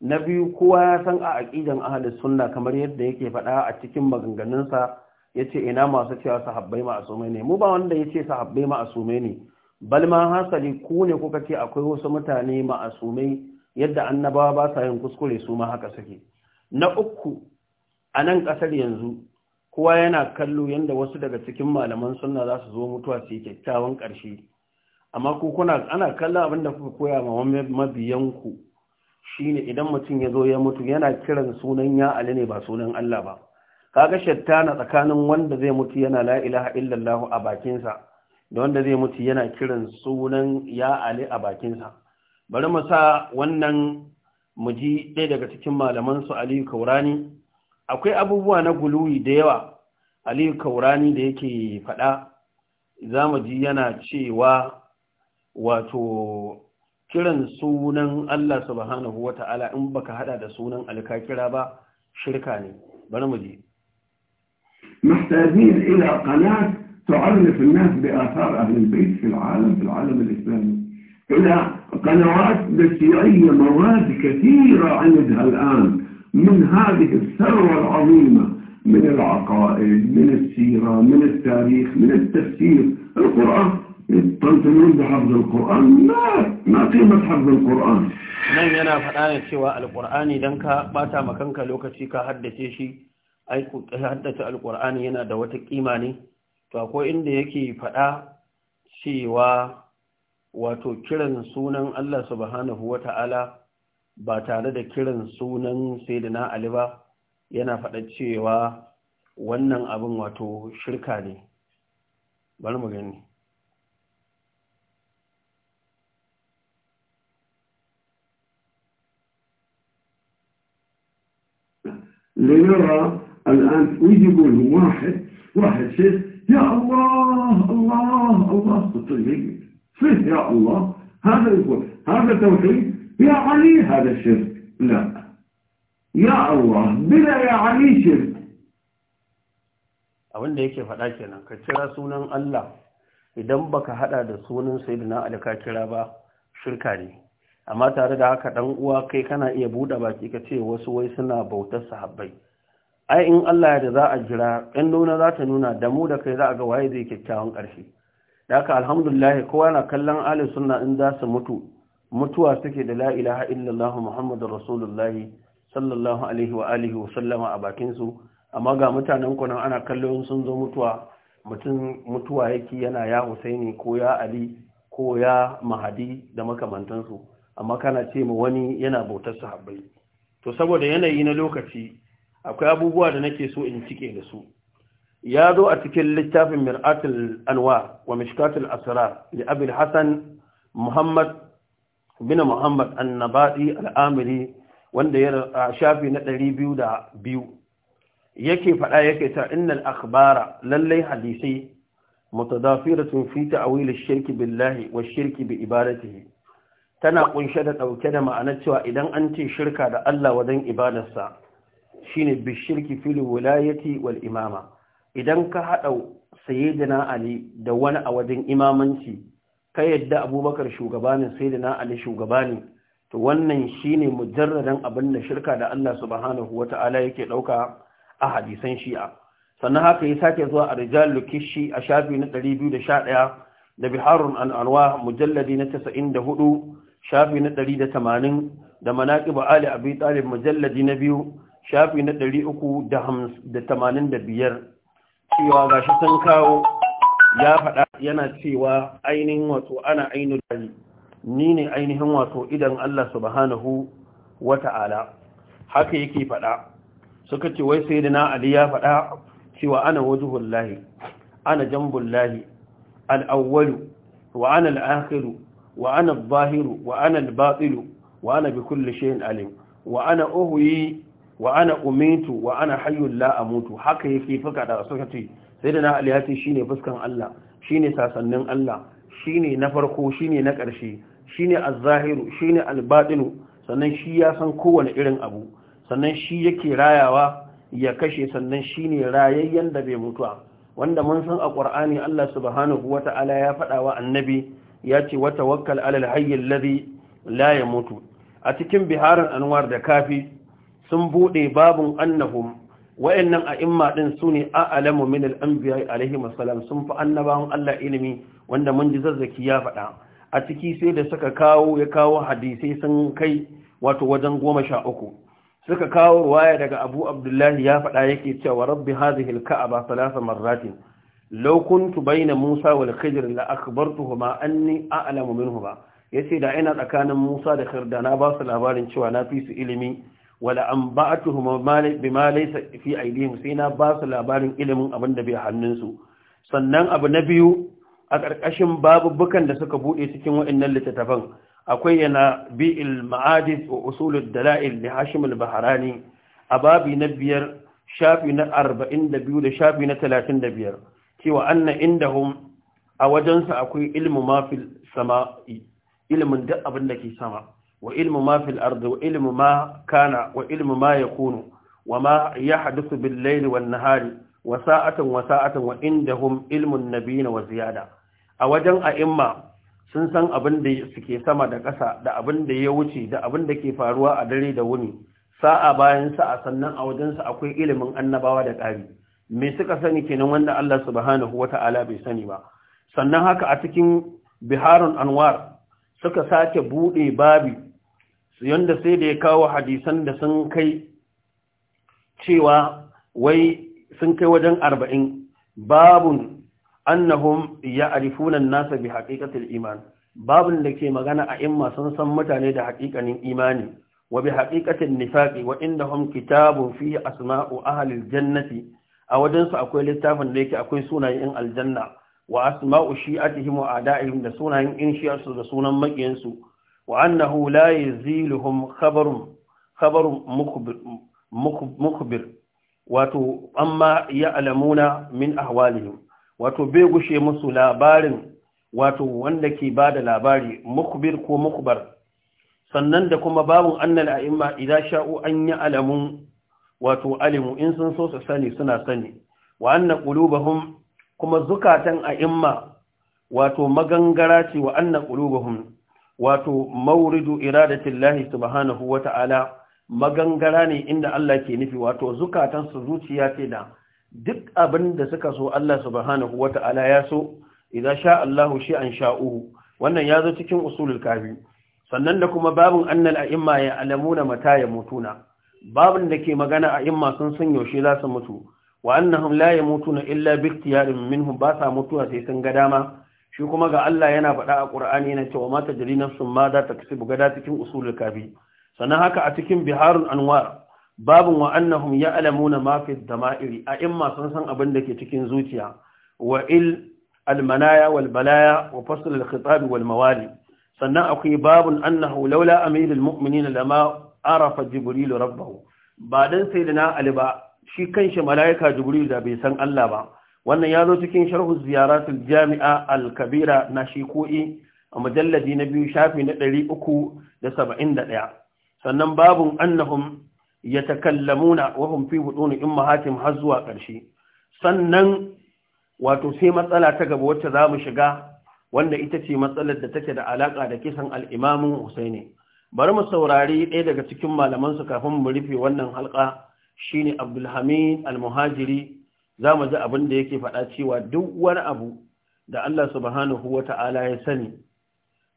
na biyu kowa ya san a aqidan ahli sunna kamar yadda yake faɗa a cikin maganganunsa yace ina masu cewa sahabbai ma'asumai ne mu ba wanda yace sahabbai ma'asumai ne bal ma hasali ku ne kuka ce akwai wasu mutane ma'asumai yadda annabawa ba sa yin kuskure su ma haka suke na uku a nan ƙasar yanzu kowa yana kallo yadda wasu daga cikin malaman sunna za su zo mutuwa su kyakkyawan ƙarshe amma ko kuna ana kalla abin da kuka koya ma mabiyanku shine idan mutum ya zo ya mutu yana kiran sunan ya ali ne ba sunan Allah ba kaga shaitana tsakanin wanda zai mutu yana la ilaha illallah a bakinsa da wanda zai mutu yana kiran sunan ya ali a bakinsa bari mu sa wannan mu ji ɗaya daga cikin malaman su Aliyu Kaurani akwai abubuwa na guluwi da yawa Aliyu Kaurani da yake faɗa za mu ji yana cewa wato kiran sunan Allah subhanahu wata'ala in baka hada da sunan alkakira ba shirka ne bari mu je محتاجين إلى قناة تعرف الناس بآثار أهل البيت في العالم في العالم الإسلامي إلى قنوات دسيعية مواد كثيرة عندها الآن من هذه الثروة العظيمة من العقائد من السيرة من التاريخ من التفسير القرآن تنتمون بحفظ القرآن لا ما قيمة حفظ القرآن nan yana faɗa ne cewa alƙur'ani dan ka ɓata makanka lokaci ka haddace shi ai haddace alƙur'ani yana da wata kima ne to akwai inda yake faɗa cewa wato kiran sunan Allah subhanahu wa ta'ala ba tare da kiran sunan sayyidina Ali ba yana faɗa cewa wannan abin wato shirka ne bari mu gani لنرى الآن ويجي يقول واحد واحد شيخ يا الله الله الله تطيب فيه يا الله هذا يقول هذا توحيد يا علي هذا الشرك لا يا الله بلا يا علي شرك abin da yake faɗa kenan ka kira sunan Allah idan baka hada da sunan sayyidina Ali ka kira ba shirka ne amma tare da haka dan uwa kai kana iya buɗe baki ka ce wasu wai suna bautar sahabbai ai in Allah ya da za a jira ɗan nuna za ta nuna da mu da kai za a ga waye zai kyakkyawan ƙarshe da haka alhamdulillah kowa na kallon ahli sunna in za su mutu mutuwa suke da la ilaha illallah muhammadur rasulullahi sallallahu alaihi wa alihi wa sallama a bakin su amma ga mutanen ku nan ana kallon sun zo mutuwa mutum mutuwa yake yana ya Husaini ko ya Ali ko ya Mahadi da makamantansu amma kana ce ma wani yana bautar sahabbai to saboda yanayi na lokaci akwai abubuwa da nake so in cike da su ya zo a cikin littafin mir'atul anwa wa mishkatul asrar li abul hasan muhammad bin muhammad annabadi al'amari, wanda ya shafi na 202 yake faɗa yake ta innal akhbara lallai hadisi mutadafiratun fi ta'wil ash shirki billahi wash shirki bi ibadatihi tana kunshe da ɗauke da ma'anar cewa idan an ce shirka da Allah wajen ibadarsa shine bishirki fili wilayati wal imama idan ka haɗa sayyidina ali da wani a wajen imamanci ka yadda abubakar shugaba ne sayyidina ali shugaba ne to wannan shine mujarradan abin da shirka da Allah subhanahu wata'ala yake ɗauka a hadisan shi'a sannan haka ya sake zuwa a rijalu kishi a shafi na 211 da biharun an mujalladi na 94 shafi na 180 da manaqib ali abi talib mujalladi na biyu shafi na 385 cewa gashi sun kawo ya faɗa yana cewa ainihin wato ana ainihin ni ne ainihin wato idan Allah subhanahu wa ta'ala haka yake faɗa suka ce wai sai na Ali ya faɗa cewa ana wajuhun lahi ana jambun lahi al'awwalu wa ana wa ana zahiru wa ana al-batilu wa ana bi kulli shay'in alim wa ana uhyi wa ana umitu wa ana hayyul la amutu haka yake fuka da sokati sai da na aliyati shine fuskan Allah shine sasannin Allah shine na farko shine na ƙarshe shine az-zahiru shine al-batinu sannan shi ya san kowane irin abu sannan shi yake rayawa ya kashe sannan shine rayayyen da bai mutuwa wanda mun san a Qur'ani Allah subhanahu wata'ala ya faɗa wa annabi ya ce wata wakkal alal hayyin ladhi la ya mutu a cikin biharin anwar da kafi sun buɗe babun annahum wa'annan a'imma din su ne a'lamu min al alaihi sun fi annabawan Allah ilimi wanda mun ji zazzaki ya faɗa a ciki sai da suka kawo ya kawo hadisai sun kai wato wajen goma sha uku suka kawo ruwaya daga Abu Abdullahi ya faɗa yake cewa rabbi hadhihi al-ka'aba thalath marratin law kuntu bayna Musa wal Khidr la akhbartuhuma anni a'lamu minhuma yace da ina tsakanin Musa da Khidr na ba su labarin cewa na fi su ilimi wala anba'atuhuma bima laysa fi aydihim sai na ba su labarin ilimin abin da bai hannunsu sannan abu na biyu a ƙarƙashin babubukan da suka buɗe cikin waɗannan littattafan akwai yana bi'il ma'adis wa usulul dala'il li Hashim al-Bahrani a babi na biyar shafi na 42 da shafi na 35 cewa anna indahum a wajensa akwai ilmu ma fil sama'i ilmin duk abin da ke sama wa ilmu ma fil ardi wa ilmu ma kana wa ilmu ma yakunu wa ma yahdithu bil layli wan nahari wa sa'atan wa sa'atan wa indahum nabi nabiyina wa ziyada a wajen a imma sun san abin da suke sama da ƙasa da abin da ya wuce da abin da ke faruwa a dare da wuni sa'a bayan sa'a sannan a wajensa akwai ilimin annabawa da ƙari me suka sani kenan wanda Allah subhanahu wata'ala bai sani ba sannan haka a cikin biharun anwar suka sake bude babi yanda sai da ya kawo hadisan da sun kai cewa wai sun kai wajen arba'in babun annahum ya arifunan nasa bi haƙiƙatul iman babun da ke magana a in masu san mutane da haƙiƙanin imani wa bi haƙiƙatul nifaƙi wa inda hum kitabun fi asma'u ahalil jannati a wajensu akwai littafin da yake akwai sunayen aljanna wa asma'u shi'atihim wa ada'ihim da sunayen in shi'arsu da sunan makiyansu wa annahu la yaziluhum khabarun khabarun mukbir wato amma ya'lamuna min ahwalihim wato bai gushe musu labarin wato wanda ke bada labari mukbir ko mukbar sannan da kuma babun annal a'imma idan sha'u an ya'lamun wato alimu in sun so su sani suna sani wa anna kuma zukatan a'imma wato magangara ce wa anna qulubahum wato mauridu iradatillahi subhanahu wata'ala magangara ne inda Allah ke nufi wato zukatan su zuciya ce da duk abin da suka so Allah subhanahu wata'ala ya so idza sha Allahu shi shay'an sha'uhu wannan ya zo cikin usulul kafi sannan da kuma babun annal a'imma ya alamuna mata ya mutuna babin da ke magana a imma sun san yaushe za su mutu wa annahum la na illa bi ikhtiyarin minhum ba sa mutuwa sai sun ga dama shi kuma ga Allah yana faɗa a Qur'ani yana cewa ma tajri nafsun ma za ta kasibu gada cikin usulul kafi sannan haka a cikin biharul anwar babin wa annahum ya'lamuna ma fi dama'iri a imma masu san abin da ke cikin zuciya wa il wal balaya wa fasl al khitab wal mawali sannan akwai babun annahu laula amirul mu'minin lama arafa jibrilu rabbahu ba dan na ali ba shi kanshi malaika jibrilu da bai san Allah ba wannan ya zo cikin sharhu ziyaratul jami'a al-kabira na shiko'i a mujalladi na biyu shafi na 371 sannan babun annahum yatakallamuna wa hum fi buduni ummahatim har zuwa ƙarshe sannan wato sai matsala ta gaba wacce zamu shiga wanda ita ce matsalar da take da alaka da kisan al-imamu Husaini bari mu saurari ɗaya daga cikin malamansu kafin mu rufe wannan halka shine abdulhamid almuhajiri za mu ji abin da yake faɗa cewa duk wani abu da Allah subhanahu wa ta'ala ya sani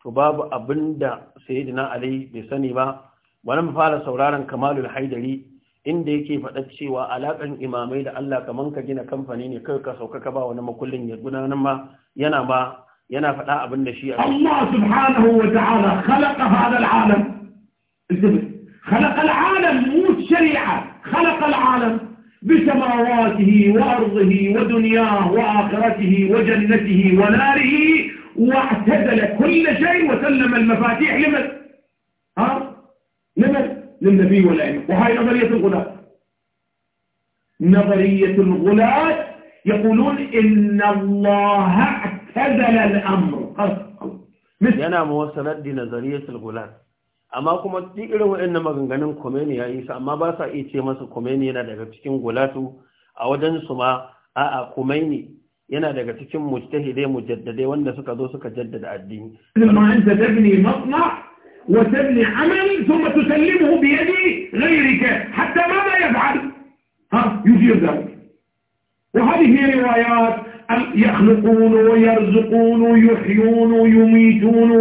to babu abin da sayyidina ali bai sani ba bari mu fara sauraron kamalul haidari inda yake faɗa cewa alaƙan imamai da Allah kaman ka gina kamfani ne kai ka sauka ka ba wani makullin ya gudanar ma yana ba yana faɗa abin da shi Allah subhanahu wa ta'ala khalaqa خلق العالم مو الشريعة خلق العالم بسماواته وأرضه ودنياه وآخرته وجنته وناره واعتدل كل شيء وسلم المفاتيح لمن؟ ها؟ لمن؟ للنبي والأئمة وهي نظرية الغلاة نظرية الغلاة يقولون إن الله اعتدل الأمر قصد yana mawasalar da nazariyatul gulan amma kuma duk irin waɗannan maganganun komeni ya yi su amma ba sa iya ce masa komeni yana daga cikin gulatu a wajen su ma a'a komeni yana daga cikin mujtahide mujaddade wanda suka zo suka jaddada addini lamma anta tabni masna wa tabni amal thumma tusallimuhu bi yadi ghayrika hatta ma la yaf'al ha yujib ذلك وهذه روايات يخلقون ويرزقون يحيون يميتون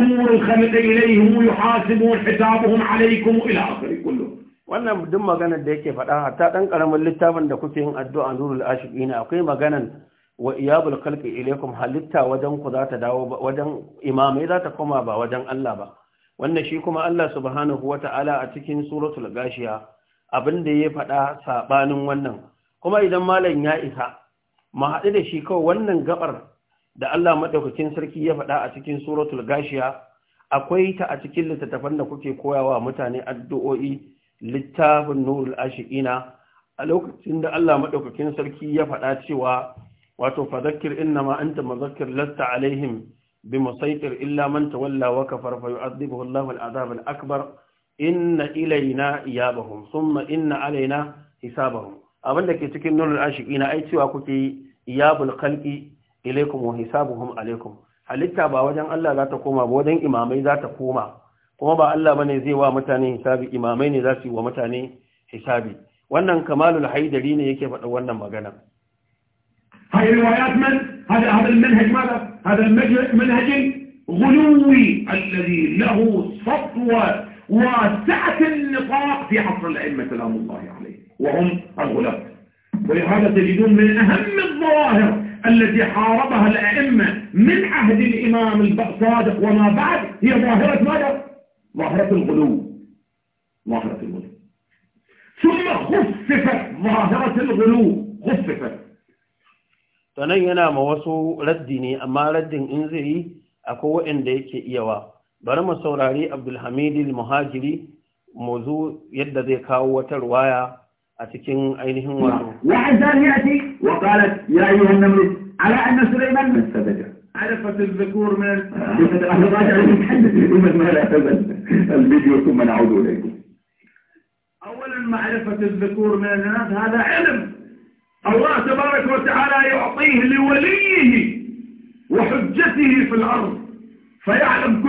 أمور الخلق إليهم يحاسبون حسابهم عليكم إلى آخر كله wannan duk magana da yake faɗa hatta ɗan ƙaramin littafin da kuke yin addu'a nurul ashiqina akwai maganan wa iyabul khalqi ilaykum halitta wajen ku za ta dawo wajen imamai za ta koma ba wajen Allah ba wannan shi kuma Allah subhanahu wata'ala a cikin suratul gashiya abin da ya faɗa sabanin wannan kuma idan malam ya isa mu haɗu da shi kawai wannan gabar da Allah maɗaukakin sarki ya faɗa a cikin suratul gashiya akwai ta a cikin littattafan da kuke koyawa mutane addu'o'i littafin nurul ashi'ina a lokacin da Allah maɗaukakin sarki ya faɗa cewa wato fadhakkir innama anta mudhakkir lasta alaihim bimusaytir illa man tawalla wa kafar fa yu'adhibuhu Allahu al'adab al'akbar inna ilayna iyabahum thumma inna alaina hisabahum abinda ke cikin nurul ashiki na ai cewa kuke iyabul khalqi ilaikum wa hisabuhum alaikum halitta ba wajen Allah za ta koma ba wajen imamai za ta koma kuma ba Allah bane zai wa mutane hisabi imamai ne za su wa mutane hisabi wannan kamalul haidari ne yake faɗa wannan magana هاي روايات من هذا هذا المنهج ماذا هذا المنهج غلوي الذي له سطوه واسعة النطاق في عصر الأئمة سلام الله عليه وهم الغلاة ولهذا تجدون من أهم الظواهر التي حاربها الأئمة من عهد الإمام الصادق وما بعد هي ظاهرة ماذا؟ ظاهرة الغلو ظاهرة الغلو ثم خففت ظاهرة الغلو خففت sannan ma wasu raddi ne amma raddin in zai yi akwai yake iyawa barama saurari abdulhamid almuhajiri موضوع يدد كاو وترواية أتكين أينهم وعلا وعزان يأتي وقالت يا أيها النمر على أن سليمان مستدجة عرفت الذكور من الأهضاج على المتحدث إذا ما لا تبد الفيديو ثم نعود إليكم أولا معرفة الذكور من الناس هذا علم الله تبارك وتعالى يعطيه لوليه وحجته في الأرض fayalam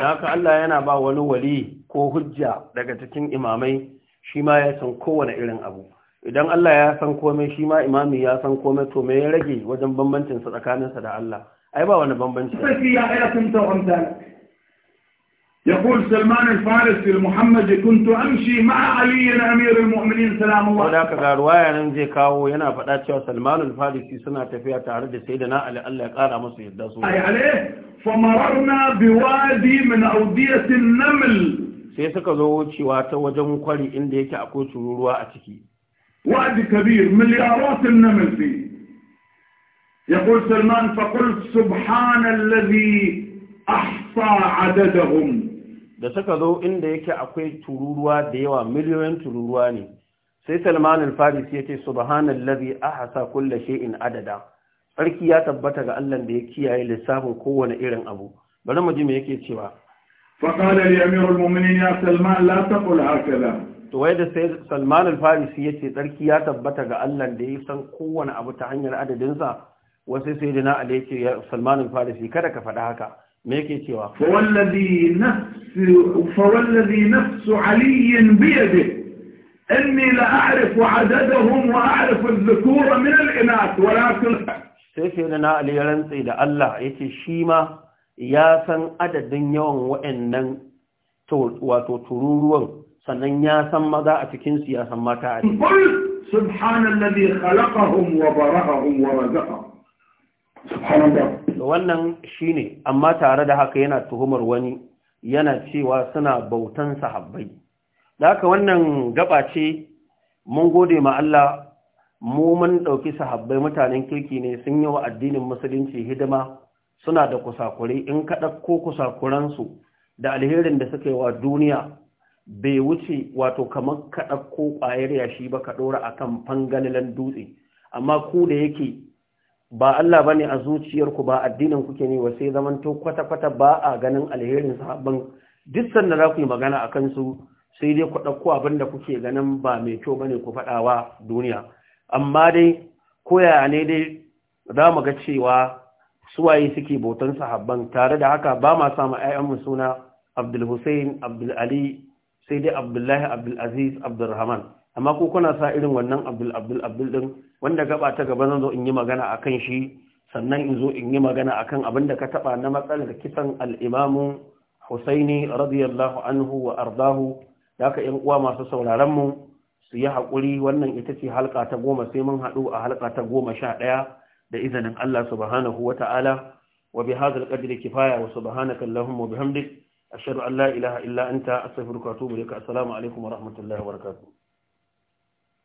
haka Allah yana ba wani wali ko hujja daga cikin imamai shi ma ya san kowane irin abu idan Allah ya san komai shi ma imami ya san komai to me ya rage wajen bambancin sa tsakaninsa da Allah ai ba wani bambanci sai ya ga يقول سلمان الفارسي المحمدي كنت أمشي مع علي أمير المؤمنين سلام الله هناك رواية نمزي كاو هنا فتاتي سلمان الفارسي سنة فيها تعرض سيدنا على الله قال مصر الدسول أي عليه فمررنا بوادي من أودية النمل sai suka zo wucewa ta wajen kwari inda yake akwai tururuwa a ciki wa'adi kabir miliyarotin na mulki يقول سلمان فقلت سبحان الذي أحصى عددهم da suka zo inda yake akwai tururuwa da yawa miliyoyin tururuwa ne sai salman al-farisi yace ce subhanallazi ahsa kulli shay'in adada sarki ya tabbata ga Allah da ya kiyaye lissafin kowane irin abu bari mu ji me yake cewa fa qala li amir al-mu'minin ya salman la taqul hakala to wai da sai salman al-farisi yace sarki ya tabbata ga Allah da ya san kowane abu ta hanyar adadin sa wasu sai dana ali ya salman al-farisi kada ka faɗa haka ميكيتي واخ فوالذي نفس فوالذي نفس علي بيده اني لاعرف عددهم واعرف الذكور من الاناث ولكن سيفي لنا اليرن سيدا الله يتي شيما يا سن عدد يوم وانن واتو ترورون sannan ya san maza a cikin su ya san mata a cikin sun hana na wannan shine amma tare da haka yana tuhumar wani yana cewa suna bautan sahabbai da haka wannan gaba ce mun gode ma Allah mu mun dauki sahabbai mutanen kirki ne sun yi wa addinin musulunci hidima suna da kusakure in ka ɗauko kusakuran su da alherin da suka yi wa duniya bai wuce wato kamar ka ɗauko kwayar yashi ba ka dora kan fangalilan dutse amma ku da yake ba Allah bane a zuciyarku ba addinin kuke ne wa sai zaman kwata-kwata ba a ganin alherin sahabban duk sanda za ku yi magana a kansu sai dai ku ɗauko abin da kuke ganin ba mai kyau bane ku faɗawa duniya amma dai koyaya ne dai za mu ga cewa suwaye suke bautan sahabban tare da haka ba ma samu ayyanmu suna abdul hussein abdul ali sai dai abdullahi abdul aziz abdul rahman amma ko kuna sa irin wannan abdul abdul abdul din wanda gaba ta gaba zan zo in yi magana akan shi sannan in zo in yi magana akan abin da ka taba na matsalar kisan al-imamu Husaini radiyallahu anhu wa ardahu da yan uwa masu sauraron mu su yi hakuri wannan ita ce halka ta goma sai mun haɗu a halka ta goma sha daya da izinin Allah subhanahu wa ta'ala wa bi hadha qadri kifaya wa subhanaka allahumma wa bihamdik ashhadu an la ilaha illa anta astaghfiruka wa atubu ilaik assalamu alaikum wa rahmatullahi wa barakatuh